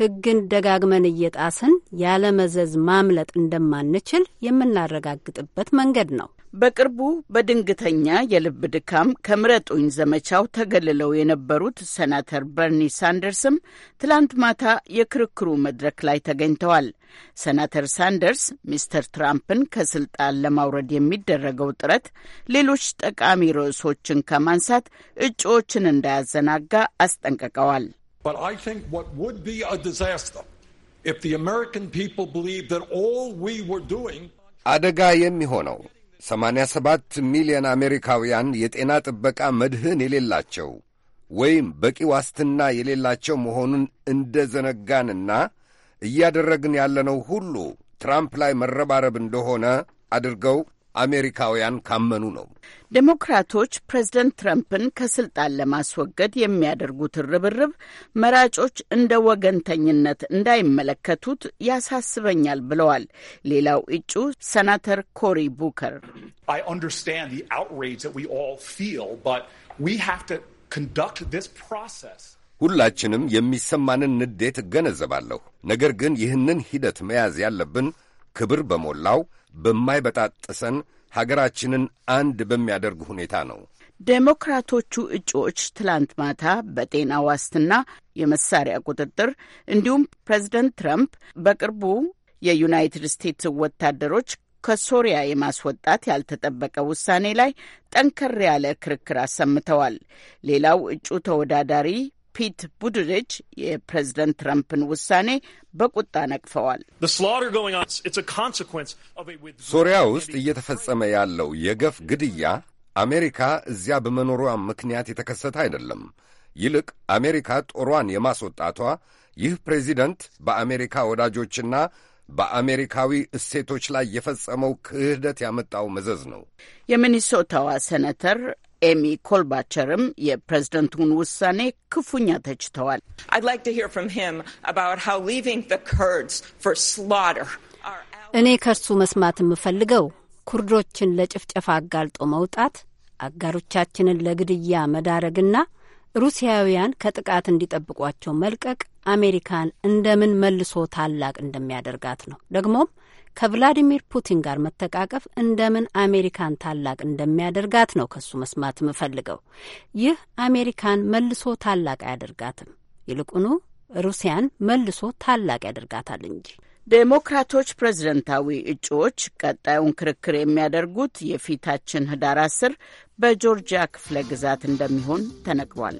ሕግን ደጋግመን እየጣስን ያለመዘዝ ማምለጥ እንደማንችል የምናረጋግጥበት መንገድ ነው። በቅርቡ በድንገተኛ የልብ ድካም ከምረጡኝ ዘመቻው ተገልለው የነበሩት ሰናተር በርኒ ሳንደርስም ትላንት ማታ የክርክሩ መድረክ ላይ ተገኝተዋል። ሰናተር ሳንደርስ ሚስተር ትራምፕን ከስልጣን ለማውረድ የሚደረገው ጥረት ሌሎች ጠቃሚ ርዕሶችን ከማንሳት እጩዎችን እንዳያዘናጋ አስጠንቅቀዋል። But I think what would be a disaster if the American people believed that all we were doing አደጋ የሚሆነው 87 ሚሊዮን አሜሪካውያን የጤና ጥበቃ መድህን የሌላቸው ወይም በቂ ዋስትና የሌላቸው መሆኑን እንደ ዘነጋንና እያደረግን ያለነው ሁሉ ትራምፕ ላይ መረባረብ እንደሆነ አድርገው አሜሪካውያን ካመኑ ነው። ዴሞክራቶች ፕሬዝደንት ትረምፕን ከስልጣን ለማስወገድ የሚያደርጉት ርብርብ መራጮች እንደ ወገንተኝነት እንዳይመለከቱት ያሳስበኛል ብለዋል። ሌላው እጩ ሰናተር ኮሪ ቡከር ሁላችንም የሚሰማንን ንዴት እገነዘባለሁ። ነገር ግን ይህንን ሂደት መያዝ ያለብን ክብር በሞላው በማይበጣጥሰን ሀገራችንን አንድ በሚያደርግ ሁኔታ ነው። ዴሞክራቶቹ እጩዎች ትላንት ማታ በጤና ዋስትና፣ የመሳሪያ ቁጥጥር እንዲሁም ፕሬዚደንት ትራምፕ በቅርቡ የዩናይትድ ስቴትስ ወታደሮች ከሶሪያ የማስወጣት ያልተጠበቀ ውሳኔ ላይ ጠንከር ያለ ክርክር አሰምተዋል። ሌላው እጩ ተወዳዳሪ ፒት ቡድሪች የፕሬዝደንት ትራምፕን ውሳኔ በቁጣ ነቅፈዋል። ሶሪያ ውስጥ እየተፈጸመ ያለው የገፍ ግድያ አሜሪካ እዚያ በመኖሯ ምክንያት የተከሰተ አይደለም። ይልቅ አሜሪካ ጦሯን የማስወጣቷ ይህ ፕሬዚደንት በአሜሪካ ወዳጆችና በአሜሪካዊ እሴቶች ላይ የፈጸመው ክህደት ያመጣው መዘዝ ነው። የሚኒሶታዋ ሴኔተር ኤሚ ኮልባቸርም የፕሬዝደንቱን ውሳኔ ክፉኛ ተችተዋል። እኔ ከእርሱ መስማት የምፈልገው ኩርዶችን ለጭፍጨፋ አጋልጦ መውጣት፣ አጋሮቻችንን ለግድያ መዳረግና ሩሲያውያን ከጥቃት እንዲጠብቋቸው መልቀቅ አሜሪካን እንደምን መልሶ ታላቅ እንደሚያደርጋት ነው። ደግሞም ከቭላዲሚር ፑቲን ጋር መተቃቀፍ እንደምን አሜሪካን ታላቅ እንደሚያደርጋት ነው ከሱ መስማት የምፈልገው። ይህ አሜሪካን መልሶ ታላቅ አያደርጋትም፣ ይልቁኑ ሩሲያን መልሶ ታላቅ ያደርጋታል እንጂ። ዴሞክራቶች ፕሬዝደንታዊ እጩዎች ቀጣዩን ክርክር የሚያደርጉት የፊታችን ህዳር አስር በጆርጂያ ክፍለ ግዛት እንደሚሆን ተነግሯል።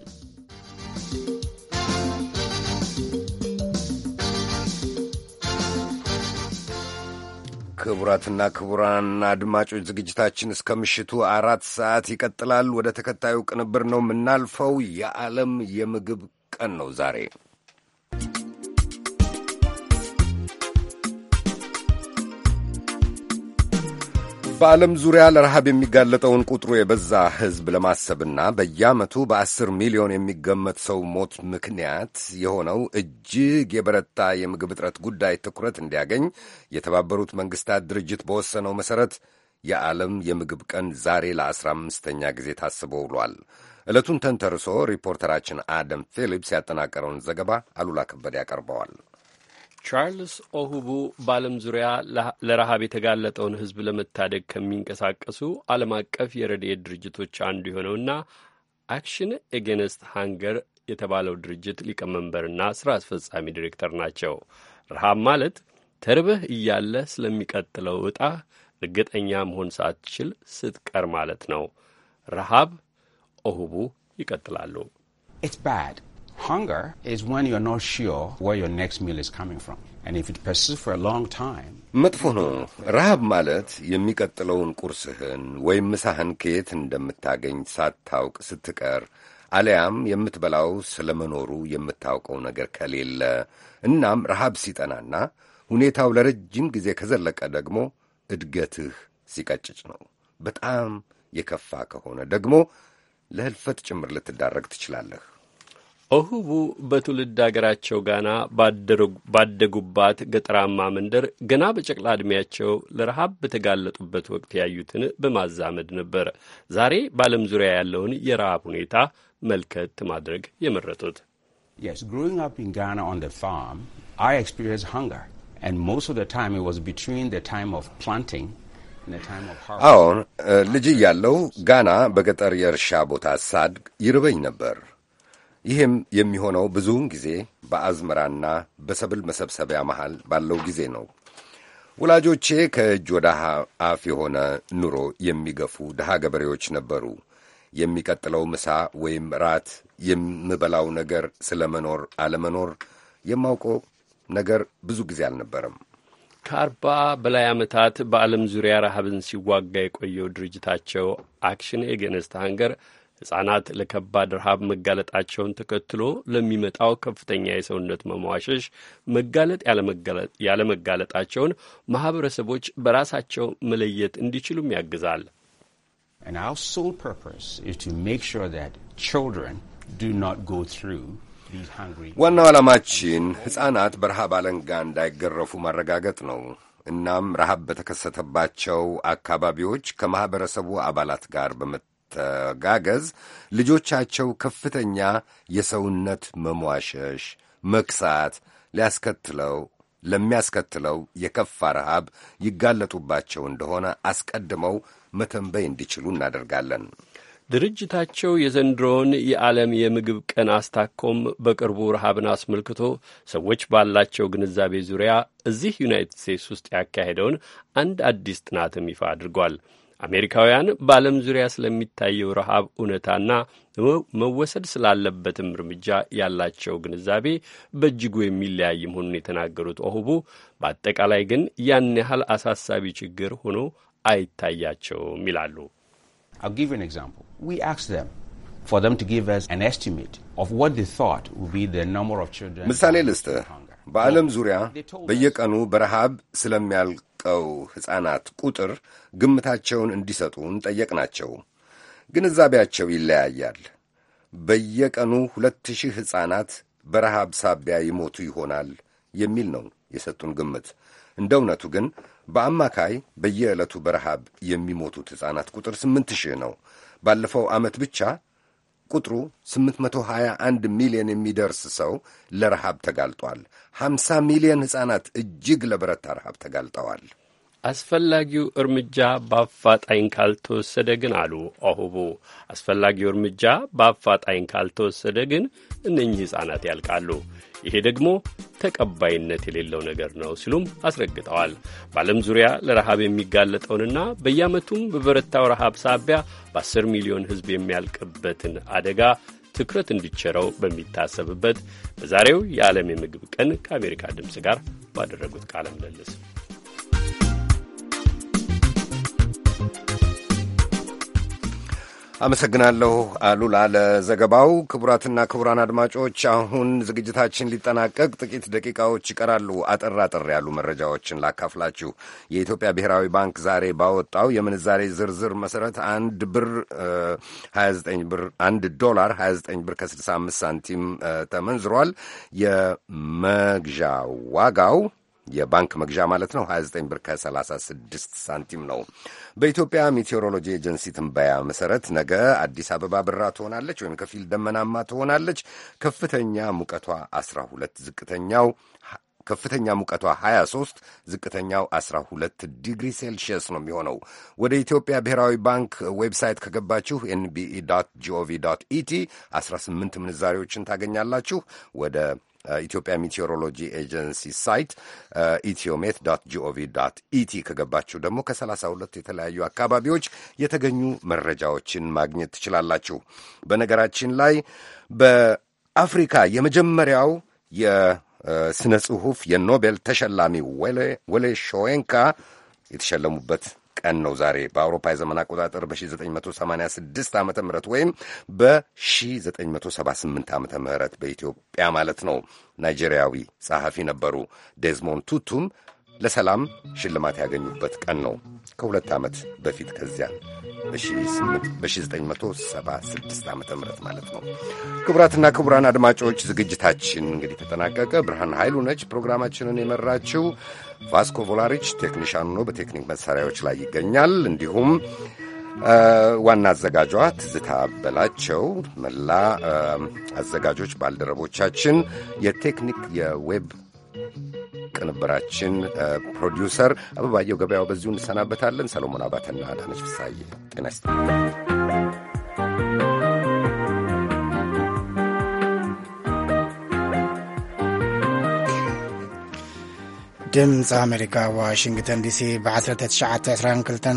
ክቡራትና ክቡራን አድማጮች ዝግጅታችን እስከ ምሽቱ አራት ሰዓት ይቀጥላል። ወደ ተከታዩ ቅንብር ነው የምናልፈው። የዓለም የምግብ ቀን ነው ዛሬ። በዓለም ዙሪያ ለረሃብ የሚጋለጠውን ቁጥሩ የበዛ ሕዝብ ለማሰብና በየዓመቱ በአስር ሚሊዮን የሚገመት ሰው ሞት ምክንያት የሆነው እጅግ የበረታ የምግብ እጥረት ጉዳይ ትኩረት እንዲያገኝ የተባበሩት መንግሥታት ድርጅት በወሰነው መሠረት የዓለም የምግብ ቀን ዛሬ ለአስራ አምስተኛ ጊዜ ታስቦ ውሏል። ዕለቱን ተንተርሶ ሪፖርተራችን አደም ፊሊፕስ ያጠናቀረውን ዘገባ አሉላ ከበደ ያቀርበዋል። ቻርልስ ኦሁቡ በዓለም ዙሪያ ለረሃብ የተጋለጠውን ሕዝብ ለመታደግ ከሚንቀሳቀሱ ዓለም አቀፍ የረድኤት ድርጅቶች አንዱ የሆነውና አክሽን ኤጌንስት ሃንገር የተባለው ድርጅት ሊቀመንበርና ስራ አስፈጻሚ ዲሬክተር ናቸው። ረሃብ ማለት ተርበህ እያለ ስለሚቀጥለው እጣ እርግጠኛ መሆን ሳትችል ስትቀር ማለት ነው። ረሃብ ኦሁቡ ይቀጥላሉ። Hunger is when you're not sure where your next meal is coming from. And if it persists for a long time, መጥፎ ነው። ረሃብ ማለት የሚቀጥለውን ቁርስህን ወይም ምሳህን ከየት እንደምታገኝ ሳታውቅ ስትቀር አሊያም የምትበላው ስለ መኖሩ የምታውቀው ነገር ከሌለ እናም ረሃብ ሲጠናና ሁኔታው ለረጅም ጊዜ ከዘለቀ ደግሞ እድገትህ ሲቀጭጭ ነው። በጣም የከፋ ከሆነ ደግሞ ለህልፈት ጭምር ልትዳረግ ትችላለህ። ኦሁቡ በትውልድ አገራቸው ጋና ባደጉባት ገጠራማ መንደር ገና በጨቅላ ዕድሜያቸው ለረሃብ በተጋለጡበት ወቅት ያዩትን በማዛመድ ነበር ዛሬ በዓለም ዙሪያ ያለውን የረሃብ ሁኔታ መልከት ማድረግ የመረጡት። አዎን ልጅ እያለሁ ጋና በገጠር የእርሻ ቦታ ሳድግ ይርበኝ ነበር። ይህም የሚሆነው ብዙውን ጊዜ በአዝመራና በሰብል መሰብሰቢያ መሃል ባለው ጊዜ ነው። ወላጆቼ ከእጅ ወደ አፍ የሆነ ኑሮ የሚገፉ ድሃ ገበሬዎች ነበሩ። የሚቀጥለው ምሳ ወይም ራት፣ የምበላው ነገር ስለ መኖር አለመኖር የማውቀው ነገር ብዙ ጊዜ አልነበረም። ከአርባ በላይ ዓመታት በዓለም ዙሪያ ረሃብን ሲዋጋ የቆየው ድርጅታቸው አክሽን ኤገንስት ሃንገር ሕፃናት ለከባድ ረሃብ መጋለጣቸውን ተከትሎ ለሚመጣው ከፍተኛ የሰውነት መሟሸሽ መጋለጥ ያለመጋለጣቸውን ማኅበረሰቦች በራሳቸው መለየት እንዲችሉም ያግዛል። ዋናው ዓላማችን ሕፃናት በረሃብ አለንጋ እንዳይገረፉ ማረጋገጥ ነው። እናም ረሃብ በተከሰተባቸው አካባቢዎች ከማኅበረሰቡ አባላት ጋር በማተጋገዝ ልጆቻቸው ከፍተኛ የሰውነት መሟሸሽ፣ መክሳት ሊያስከትለው ለሚያስከትለው የከፋ ረሃብ ይጋለጡባቸው እንደሆነ አስቀድመው መተንበይ እንዲችሉ እናደርጋለን። ድርጅታቸው የዘንድሮውን የዓለም የምግብ ቀን አስታኮም በቅርቡ ረሃብን አስመልክቶ ሰዎች ባላቸው ግንዛቤ ዙሪያ እዚህ ዩናይትድ ስቴትስ ውስጥ ያካሄደውን አንድ አዲስ ጥናትም ይፋ አድርጓል። አሜሪካውያን በዓለም ዙሪያ ስለሚታየው ረሃብ እውነታና መወሰድ ስላለበትም እርምጃ ያላቸው ግንዛቤ በእጅጉ የሚለያይ መሆኑን የተናገሩት ኦሁቡ በአጠቃላይ ግን ያን ያህል አሳሳቢ ችግር ሆኖ አይታያቸውም ይላሉ። ምሳሌ ልስጥህ። በዓለም ዙሪያ በየቀኑ በረሃብ ስለሚያልቀው ሕፃናት ቁጥር ግምታቸውን እንዲሰጡን ጠየቅናቸው። ግንዛቤያቸው ይለያያል። በየቀኑ ሁለት ሺህ ሕፃናት በረሃብ ሳቢያ ይሞቱ ይሆናል የሚል ነው የሰጡን ግምት። እንደ እውነቱ ግን በአማካይ በየዕለቱ በረሃብ የሚሞቱት ሕፃናት ቁጥር ስምንት ሺህ ነው። ባለፈው ዓመት ብቻ ቁጥሩ 821 ሚሊዮን የሚደርስ ሰው ለረሃብ ተጋልጧል። 50 ሚሊዮን ሕፃናት እጅግ ለበረታ ረሃብ ተጋልጠዋል። አስፈላጊው እርምጃ በአፋጣኝ ካልተወሰደ ግን አሉ አሁቦ አስፈላጊው እርምጃ በአፋጣኝ ካልተወሰደ ግን እነኚህ ሕፃናት ያልቃሉ። ይሄ ደግሞ ተቀባይነት የሌለው ነገር ነው ሲሉም አስረግጠዋል። በዓለም ዙሪያ ለረሃብ የሚጋለጠውንና በየዓመቱም በበረታው ረሃብ ሳቢያ በ10 ሚሊዮን ሕዝብ የሚያልቅበትን አደጋ ትኩረት እንዲቸረው በሚታሰብበት በዛሬው የዓለም የምግብ ቀን ከአሜሪካ ድምፅ ጋር ባደረጉት ቃለ ምልልስ አመሰግናለሁ አሉላ ለዘገባው። ክቡራትና ክቡራን አድማጮች አሁን ዝግጅታችን ሊጠናቀቅ ጥቂት ደቂቃዎች ይቀራሉ። አጠር አጠር ያሉ መረጃዎችን ላካፍላችሁ። የኢትዮጵያ ብሔራዊ ባንክ ዛሬ ባወጣው የምንዛሬ ዝርዝር መሰረት አንድ ብር 29 ብር አንድ ዶላር 29 ብር ከ65 ሳንቲም ተመንዝሯል። የመግዣ ዋጋው የባንክ መግዣ ማለት ነው 29 ብር ከ36 ሳንቲም ነው። በኢትዮጵያ ሜቴሮሎጂ ኤጀንሲ ትንበያ መሰረት ነገ አዲስ አበባ ብራ ትሆናለች ወይም ከፊል ደመናማ ትሆናለች። ከፍተኛ ሙቀቷ 12፣ ዝቅተኛው ከፍተኛ ሙቀቷ 23 ዝቅተኛው 12 ዲግሪ ሴልሺየስ ነው የሚሆነው። ወደ ኢትዮጵያ ብሔራዊ ባንክ ዌብሳይት ከገባችሁ ኤንቢኢ ጂኦቪ ኢቲ 18 ምንዛሬዎችን ታገኛላችሁ። ወደ ኢትዮጵያ ሜቴዎሮሎጂ ኤጀንሲ ሳይት ኢትዮሜት ዶት ጂኦቪ ዶት ኢቲ ከገባችሁ ደግሞ ከ32 የተለያዩ አካባቢዎች የተገኙ መረጃዎችን ማግኘት ትችላላችሁ። በነገራችን ላይ በአፍሪካ የመጀመሪያው የስነ ጽሁፍ የኖቤል ተሸላሚ ወሌ ሾዌንካ የተሸለሙበት ቀን ነው ዛሬ በአውሮፓ የዘመን አቆጣጠር በ1986 ዓ ም ወይም በ1978 ዓ ም በኢትዮጵያ ማለት ነው። ናይጄሪያዊ ጸሐፊ ነበሩ። ዴዝሞንድ ቱቱም ለሰላም ሽልማት ያገኙበት ቀን ነው ከሁለት ዓመት በፊት ከዚያ በ1976 ዓ ም ማለት ነው። ክቡራትና ክቡራን አድማጮች ዝግጅታችን እንግዲህ ተጠናቀቀ። ብርሃን ኃይሉ ነች ፕሮግራማችንን የመራችው። ቫስኮ ቮላሪች ቴክኒሻን ነው፣ በቴክኒክ መሳሪያዎች ላይ ይገኛል። እንዲሁም ዋና አዘጋጇ ትዝታ በላቸው፣ መላ አዘጋጆች ባልደረቦቻችን፣ የቴክኒክ የዌብ ቅንብራችን ፕሮዲውሰር አበባየው ገበያው። በዚሁ እንሰናበታለን። ሰሎሞን አባተና አዳነች ፍሳዬ ጤና ድምፂ ኣሜሪካ ዋሽንግተን ዲሲ ብ1922